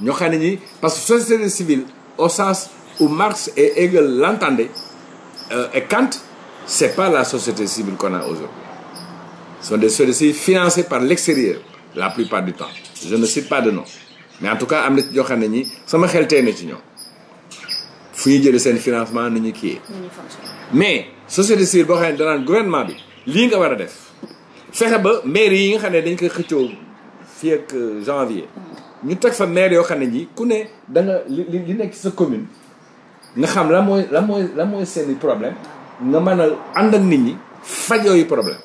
ñoo xam ne ñi parce que société civile au sens où Marx et Hegel l'entendaient euh, et Kant c'est pas la société civile qu'on a aujourd'hui ce sont des sociétés civiles financées par l'extérieur la plupart du temps je ne cite pas de nom mais en tout cas am na ci joo ñi sama xel tee na ci ñoom fu ñu jëlee seen financement nu ñu kii mais société civile boo xam ne danaan gouvernement bi lii nga war a def fexe ba maire yi nga xam ne dañ koy xëccoo fii ak euh, janvier mm. ñu teg fa maire yoo xam ne ji ku ne da nga li nekk sa commune nga xam la mooy la mooy la mooy seeni problème nga mën a ànd nit ñi faj yooyu problème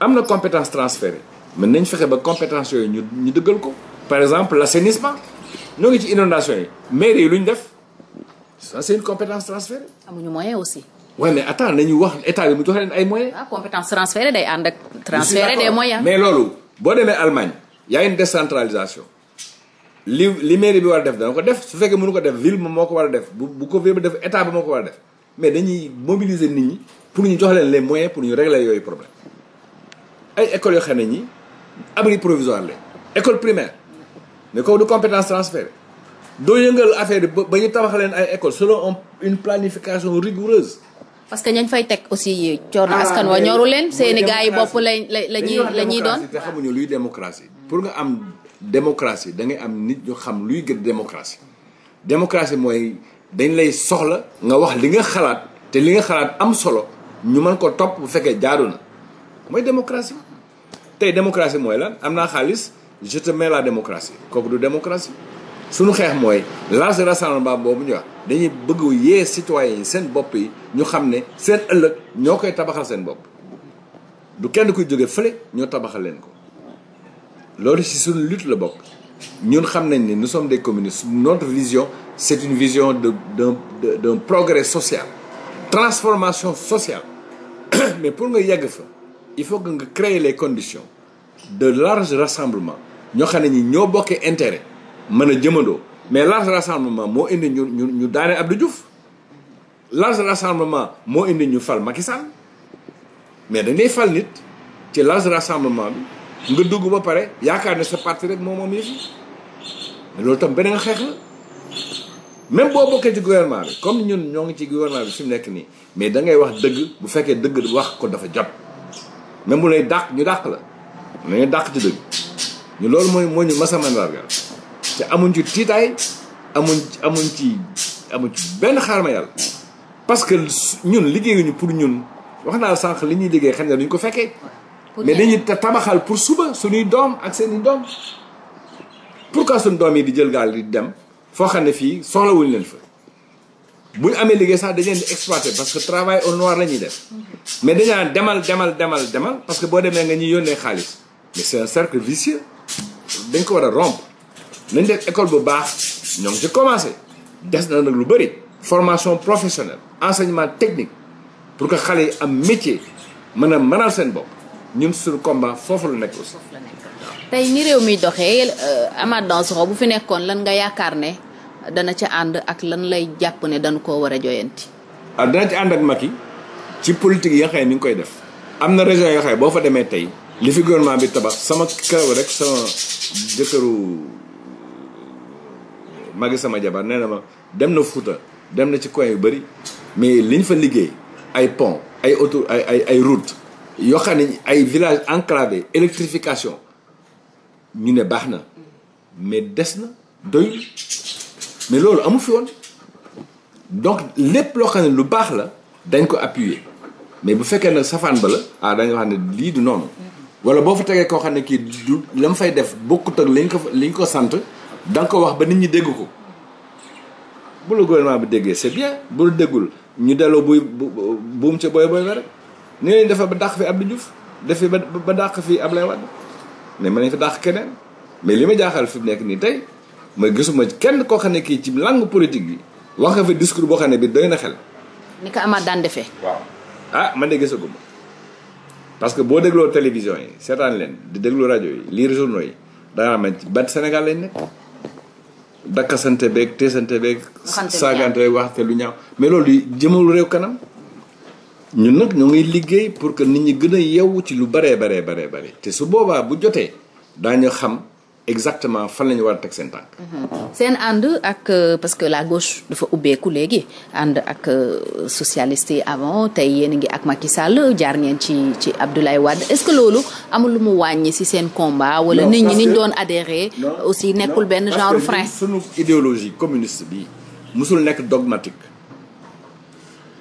am na compétence transférée mën nañ fexe ba compétence yooyu ñu ñu dëggal ko par exemple la l'assainissement ñoo ngi ci inondation yi mairie yi lu ñu def ça c'est une compétence transférée. amuñu moyen aussi. waaye mais attends nañu wax état bi mu jox leen ay moyens. ah compétence transférée day ànd ak. transféré des mais loolu boo demee Allemagne y décentralisation li li mairie bi war a def dana ko def su fekkee mënu ko def ville moom moo ko war a def bu bu ko ville def état bi moo ko war a def mais dañuy mobiliser nit ñi pour ñu jox leen les moyens pour ñu régler yooyu problème ay école yoo xam ñi abri provisoire la école primaire. mais kooku du compétence transférée doo yëngal affaire yi ba ñu tabax leen ay école selon une planification rigoureuse. parce que ñañ fay teg aussi coono ah, askan wa ñoru leen seeni gars yi bopp la la ñuy la ñuy doon te xamuñu luy démocratie pour nga am démocratie da ngay am nit ñu xam luy gën démocratie démocratie mooy dañ lay soxla nga wax li nga xalaat te li nga xalaat am solo ñu mën ko topp bu fekkee jaadu na mooy démocratie tey démocratie mooy lan am naa xaalis je te mets la démocratie kooku du démocratie suñu xeex mooy la large rassemblement boobu ñu wax dañuy bëgg yee citoyens yi seen bopp yi ñu xam ne seen ëllëg ñoo koy tabaxal seen bopp du kenn kuy jóge fële ñoo tabaxal leen ko loolu si suñu lutte la bokk ñun xam nañ ni nous sommes des communistes notre vision c'est une vision de d'un d'un progrès social transformation sociale mais pour nga yegg fa il faut que nga créer les conditions de large rassemblement ñoo xam ne ñi ñoo bokkee intérêt mën a jëmandoo mais large rassemblement moo indi ñu ñu ñu daane Abdou Diouf large rassemblement moo indi ñu fal Macky Sall mais dañ lay fal nit ci large rassemblement bi nga dugg ba pare yaakaar ne sa partie rek moom moom yëf yi mais loolu tam beneen xeex la même boo bokkee ci gouvernement bi comme ñun ñoo ngi ci gouvernement bi fi mu nekk nii mais da ngay wax dëgg bu fekkee dëgg wax ko dafa jot même bu lay ñu dàq la. la ñu dàq ci dëgg ñu loolu mooy moo ñu masa mandargal te amuñ ci tiitaay amuñ amuñ ci amuñ ci benn xaarma yàlla parce que ñun liggéeyuñu pour ñun wax naa sànq li ñuy liggéey xam ne duñ ko fekkee mais dañuy tabaxal pour suba suñuy doom ak seeni doom pour pourquoi suñu doom yi di jël gaal di dem foo xam ne fii soxlawuñ leen fa bu ñu amee liggéey sax dañ leen di exploité parce que travail au noir la def mais dañaa demal demal demal demal parce que boo demee nga ñuy yónnee xaalis mais c'est cercle vicieux dañ ko war a rompre nañ def école bu baax ñoo ngi ci commencé des na nag lu bëri formation professionnelle enseignement technique pour que xale yi am métier mën a mënal seen bopp ñun suñu combat foofu la nekk aussi. tey ni réew mi doxee euh, Amath Dansokho bu fi nekkoon lan nga yaakaar ne. dana ca ànd ak lan lay jàpp ne dañ koo war a joyanti. a ah, dana ci ànd ak Macky ci politique yi nga xam ne mi koy def. am na région yoo xam boo fa demee tey. li fi gouvernement bi tabax sama keroog rek sama jëkkëru magi sama jabar nee na ma dem na Fouta dem na ci coin yu bëri mais liñ fa liggéey ay pont ay auto ay ay ay route yoo xam ne ay village enclavé électrification ñu ne baax na mais des na doyul mais loolu amu fi woon donc lépp loo xam ne lu baax la dañ ko appuyer mais bu fekkee nag safaan ba la ah da nga xam ne lii du noonu wala boo fa tegee koo xam ne kii du la mu fay def bokkut ak liñ ko liñ ko sant da ko wax ba nit ñi dégg ko bu la gouvernement bi déggee c'est bien bu la déggul ñu delloo buy buum ca booy booy ba rek ni leen dafa ba dàq fi Abdou Diouf defee ba dàq fi Ablaye Wade mais mën nañ fa dàq keneen mais li ma jaaxal fi mu nekk nii tey ma gisuma kenn koo xam ne kii ci langue politique bi wax nga fi discours boo xam ne bi doy na xel. ni ko Amath daan defe waaw ah man de gisaguma parce que boo dégloo télévision yi seetaan leen di déglu rajo yi lire journaux yi da nga xamante ban Sénégal lañ nekk. dakkasante beeg teesante beeg. saagante beeg waxte lu ñaaw mais loolu jëmul réew kanam. ñun nag ñoo ngiy liggéey pour que nit ñi gën a yeewu ci lu baree baree baree bare te su boobaa bu jotee daañu xam. exactement fan la ñu war a teg seen tànk. seen ànd ak euh, parce que la gauche dafa ubbeeku léegi ànd ak euh, socialiste yi avant tey yéen a ngi ak Macky Sall jaar ngeen ci ci Abdoulaye Wade est-ce que loolu amul lu mu wàññi si seen combat. wala nit ñi ni doon adhéré. aussi nekkul benn genre frein. sunu idéologie communiste bi musul nekk dogmatique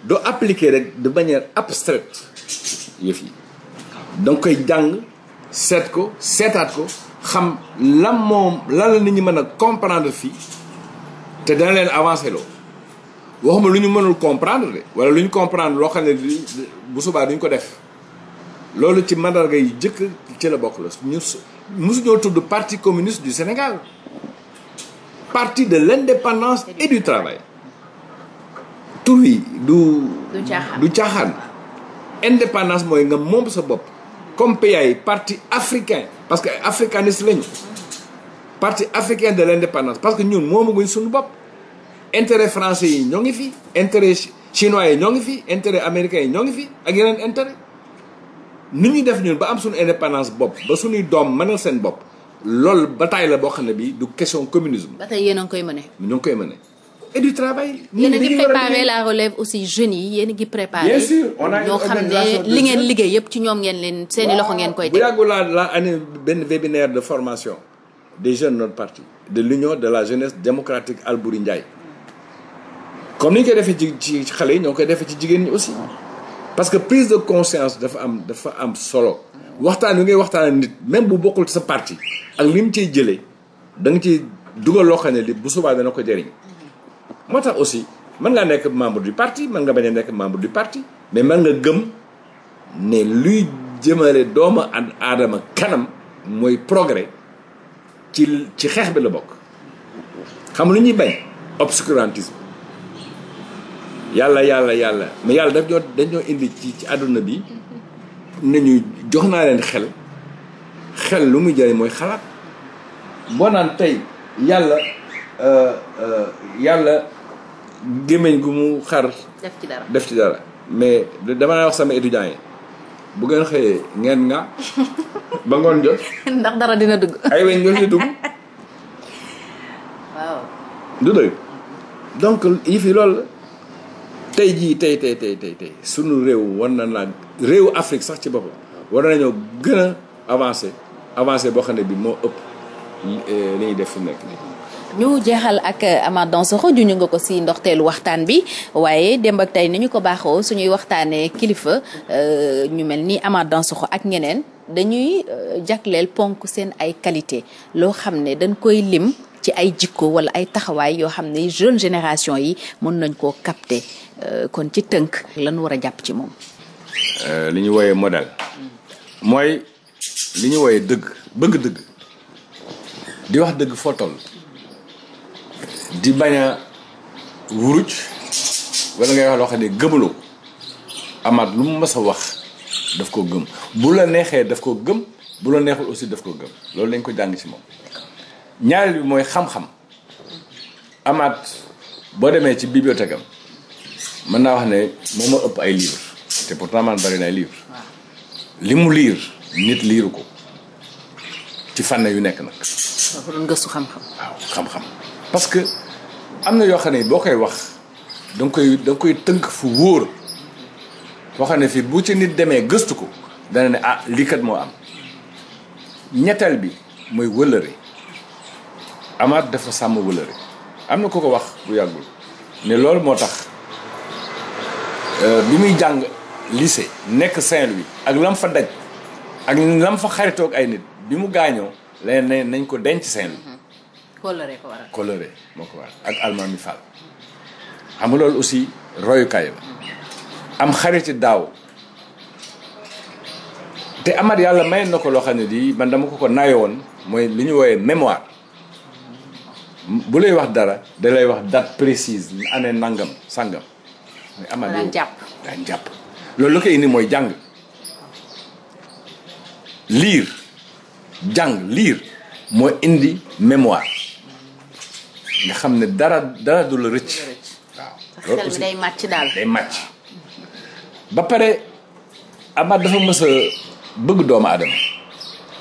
doo appliquer rek de manière abstraite yëf yi. donc koy jàng seet ko seetaat ko. xam lan moom lan la nit ñi mën a comprendre fii te dana leen avancer loo waxuma lu ñu mënul comprendre de wala lu ñu comprendre loo xam ne bu subaa duñ ko def loolu ci mandarga yi jëkk ci la bokk la ñu mosuñoo tudd parti communiste du Sénégal parti de l'indépendance et du travail tur yi du du caaxaan indépendance mooy nga moom sa bopp comme PAI parti africain parce que africaniste lañu parti africain de l'indépendance parce que ñun moomaguñ suñu bopp intérêt français yi ñoo ngi fi intérêt chinois yi ñoo ngi fi intérêt américain yi ñoo ngi fi ak yeneen intérêt nu ñuy def ñun ba am suñu indépendance bopp ba suñuy doom mënal seen bopp loolu bataille la boo xam ne bii du question communisme. ba tey yéen a ngi koy mëne. ngi koy mëne. et du travail. yéen la relève aussi jeunes yi yéen a ngi préparé. ñoo xam ne li ngeen liggéey yëpp ci ñoom ngeen leen seen i loxo ngeen koy. bu yàggul la la année benn webinaire de formation des jeunes notre parti de l'union de la jeunesse démocratique Albouri Ndiaye comme ni ñu koy defee ci ci xale yi ñoo koy defee ci jigéen ñi aussi parce que prise de conscience dafa am dafa am solo waxtaan wi ngay waxtaan a nit même bu bokkul sa parti ak li mu ciy jëlee da nga ciy dugal loo xam ne li bu subaa dana ko jëriñ. moo tax aussi mën ngaa nekk membre du parti mën nga bañ nekk membre du parti mais mën nga gëm ne luy jëmale doomu aadama kanam mooy progrès ci ci xeex bi la bokk xam lu ñuy bañ obscurantisme yàlla yàlla yàlla mais yàlla daf ñoo dañoo indi ci ci àdduna bi nañu jox naa leen xel xel lu muy jëriñ mooy xalaat boo naan tey yàlla euh, euh, yàlla gémmiñ gu mu xar. def ci dara def ci mais dama naa wax sama étudiants yi bu ngeen xëyee ngeen nga ba ngoon jot. ndax dara dina dugg. ay weñ ñoo ci dugg. waaw. du dëgg donc yi fi loolu tey jii tey tey tey tey sunu réew war na naa réew Afrique sax ci bopp war nañoo gën a avancé avancé boo xam ne bi moo ëpp eh, li ñuy def fu nekk ñu jeexal ak Amath Dansokho juñu nga ko si ndoxteelu waxtaan bi waaye démb ak tey ni ñu ko baaxoo suñuy waxtaanee kilifa euh, ñu mel ni Amath Dansokho ak ñeneen dañuy euh, jagleel ponk seen ay qualité loo xam ne dañ koy lim ci ay jikko wala ay taxawaay yoo xam ne jeune génération yi mën nañ koo capter euh, kon ci tënk lan war a jàpp ci moom li ñu wooyee modèle mooy li ñu wooyee dëgg bëgg dëgg di wax dëgg foo toll di bañ a wuruj wala ngay wax loo xam ne gëmaloo amaat lu mu mës a wax daf koo gëm bu la neexee daf koo gëm bu la neexul aussi daf koo gëm loolu lañ ko jàng ci moom ñaareel bi mooy xam-xam amaat boo demee ci bibliothèque am mën naa wax ne moom moo ëpp ay livre te pourtant man bari na ay livre li mu liir nit liiru ko ci fànn yu nekk nag. waaw xam-xam. am na yoo xam ne boo koy wax danga koy da koy tënk fu wóor boo ne fii bu ci nit demee gëstu ko dana ne ah lii kat moo am ñetteel bi mooy wëllëre amaat dafa sàmm wëllëre am na ko ko wax bu yàggul ne loolu moo tax euh, bi muy jàng lycée nekk seen louis ak lam fa daj ak lam fa xaritoog ay nit bi mu gaañoo leneen nañ ko denc Saint-Louis kóllëre ko waral. ko waral ak almaami Fall xam nga loolu aussi royukaay la am xariti daaw te Amath yàlla mayoon na ko loo xam ne di man dama ko ko naayoo woon mooy li ñu woowee mémoire bu lay wax dara da lay wax date précise année nangam sangam. mooy Amath daan jàpp daan jàpp loolu la ko mooy jàng liir jàng liir moo indi mémoire nga xam ne dara dara du la rëcc. waaw loolu day màcc daal day màcc. ba pare Amath dafa mës a bëgg doomu aadama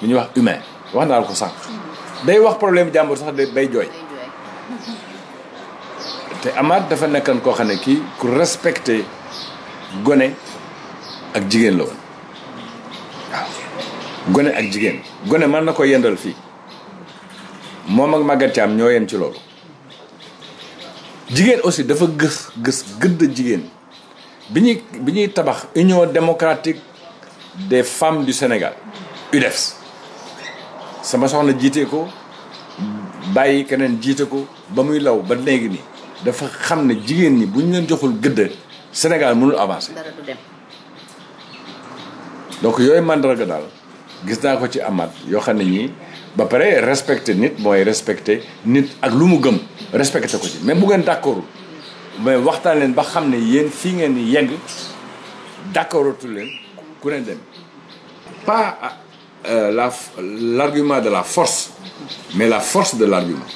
bu ñuy wax humain wax naa la ko sànq. Mm-hmm. day wax problème jàmbur sax day jooy. te Amath dafa nekkan koo xam ne kii ku respecté gone ak jigéen la woon waaw gone ak jigéen gone mën na ko yendal fii moom ak Maguette Thiam ñoo yem ci loolu. jigéen aussi dafa gës gës gëdd jigéen bi ñuy bi ñuy tabax union démocratique de femmes du Sénégal UDEFS sama soxna jiite ko bàyyi keneen jiite ko ba muy law ba léegi nii dafa xam ne jigéen ñi bu ñu leen joxul gëdd Sénégal mënul avancer. dara donc yooyu mandarga daal. gis naa ko ci amaat yoo xam ne ñii ba pare respecté nit mooy respecté nit ak lu mu gëm respecté ko ci mais bu ngeen d'accord mais waxtaan leen ba xam ne yéen fii ngeen di yegg d'accordotu leen ku ne dem pas euh, la l'argument de la force mais la force de l'argument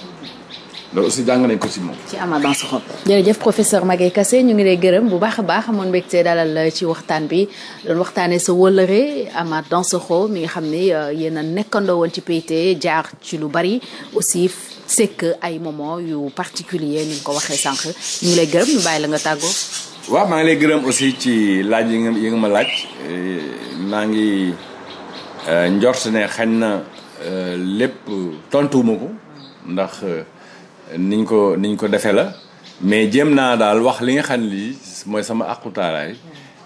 loolu aussi jàng nañ ko ci moom. ci Amadou Soxom jërëjëf professeur Maguette kase ñu ngi lay gërëm bu baax a baax amoon mbégte dalal ci waxtaan bi doon waxtaanee sa wëllëre Amath Dansokho mi nga xam ne euh, yéen a nekkandoo woon ci PIT jaar ci lu bari aussi sekk ay moment yu particulier ni nga ko waxee sànq ñu ngi lay gërëm ñu bàyyi la nga tàggoo. waaw maa ngi lay gërëm aussi ci laaj yi nga yi nga ma laaj euh, maa ngi euh, njort ne xañ na lépp tontuwuma ko ndax. niñ ko niñ ko defee la mais jéem naa daal wax li nga xam lii mooy sama aqutaaraay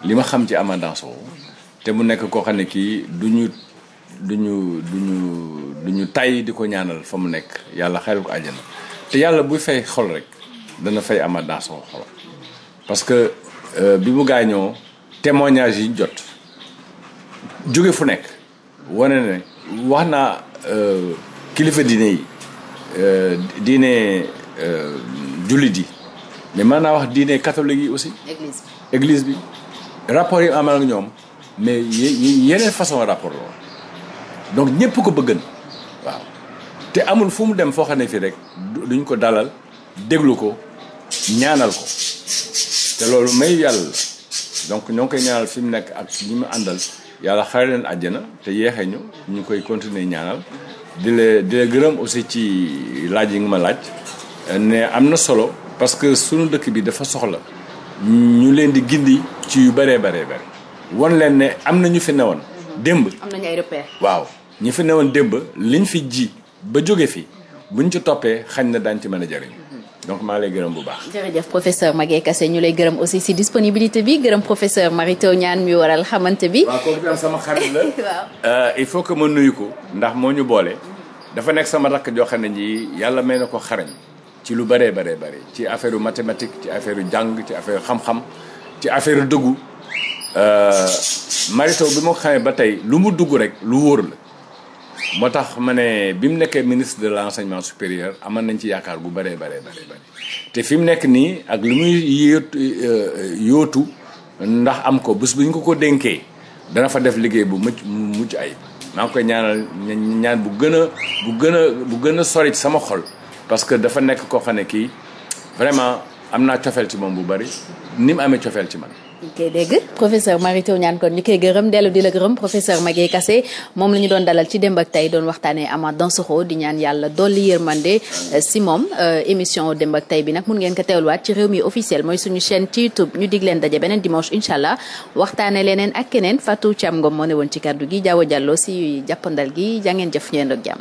li ma xam ci Ama Danso te mu nekk koo xam ne kii du ñu du ñu du ñu du ñu tay di ko ñaanal fa mu nekk yàlla xayal ko àjjana te yàlla buy fay xol rek dana fay Ama Danso xol parce que euh, bi mu gaañoo témoignage yi jot jóge fu nekk wane ne wax naa euh, kilifa diine yi Euh, diine euh, jullit yi mais man naa wax diine catholique yi aussi. eglise bi rapport yi am ak ñoom mais yeneen façon rapport la donc ñëpp ko bëggan waaw te amul fu mu dem foo xam ne fii rek duñ ko dalal déglu ko ñaanal ko te loolu may yàlla donc ñoo ngi koy ñaanal fi mu nekk ak ñi mu àndal yàlla xare leen àjjana te yeexee ñu ñu koy continuer ñaanal. di la di gërëm aussi ci laaj yi nga ma laaj ne am na solo parce que sunu dëkk bi dafa soxla ñu leen di gindi ci yu bëree bëree bëri wan leen ne am na ñu fi newoon démb. waaw ñu fi newoon démb li ñu fi ji ba jóge fi buñ ci toppee xañ na daañ ci mën a jëriñ. donc maa lay gërëm bu baax. jërëjëf professeur Maguette Kassé ñu lay gërëm aussi si disponibilité bi gërëm professeur Mary Teuw Niane mi waral xamante bi. waaw sama xarit la. Euh, il faut que ma nuyu ko. ndax moo ñu boole. dafa nekk sama rakk joo xam ne yàlla may na ko xarañ. ci lu bëree bëree bëri ci affaire mathématique ci affaire jàng ci affaire xam-xam ci affaire dëggu euh, Mary Teuw bi ma ko xamee ba tey lu mu dugg rek lu wóor la. moo tax ma ne bi mu nekkee ministre de l' enseignement supérieur aman nañ ci yaakaar gu bëree bare bëri te fi mu nekk nii ak lu muy yóotu euh, yóotu ndax am ko bés bu ñu ko ko dénkee dana fa def liggéey bu mucc mu mucc ay maa ngi koy ñaanal ñaan bu gën a bu gën a bu gën a sori ci sama xol parce que dafa nekk koo xam ne kii vraiment am naa cofeel ci moom bu bari ni mu amee cofeel ci man. ñu koy dégg professeur Mary Teuw Niane kon ñu koy gërëm dellu di la gërëm professeur Magueye Kassé moom la ñu doon dalal ci démb ak tey doon waxtaanee Amath Dansokho di ñaan yàlla dolli yërmande euh, si moom euh, émission démb ak bi nag mun ngeen ko teewluwaat ci réew mi officiel mooy suñu chaîne ci YouTube ñu dig leen daje beneen dimanche incha allah waxtaanee leneen ak keneen Fatou Thiam Ngom moo ne woon ci kaddu gi jaawo jàlloo si jàppandal gi jaa ngeen jëf jàmm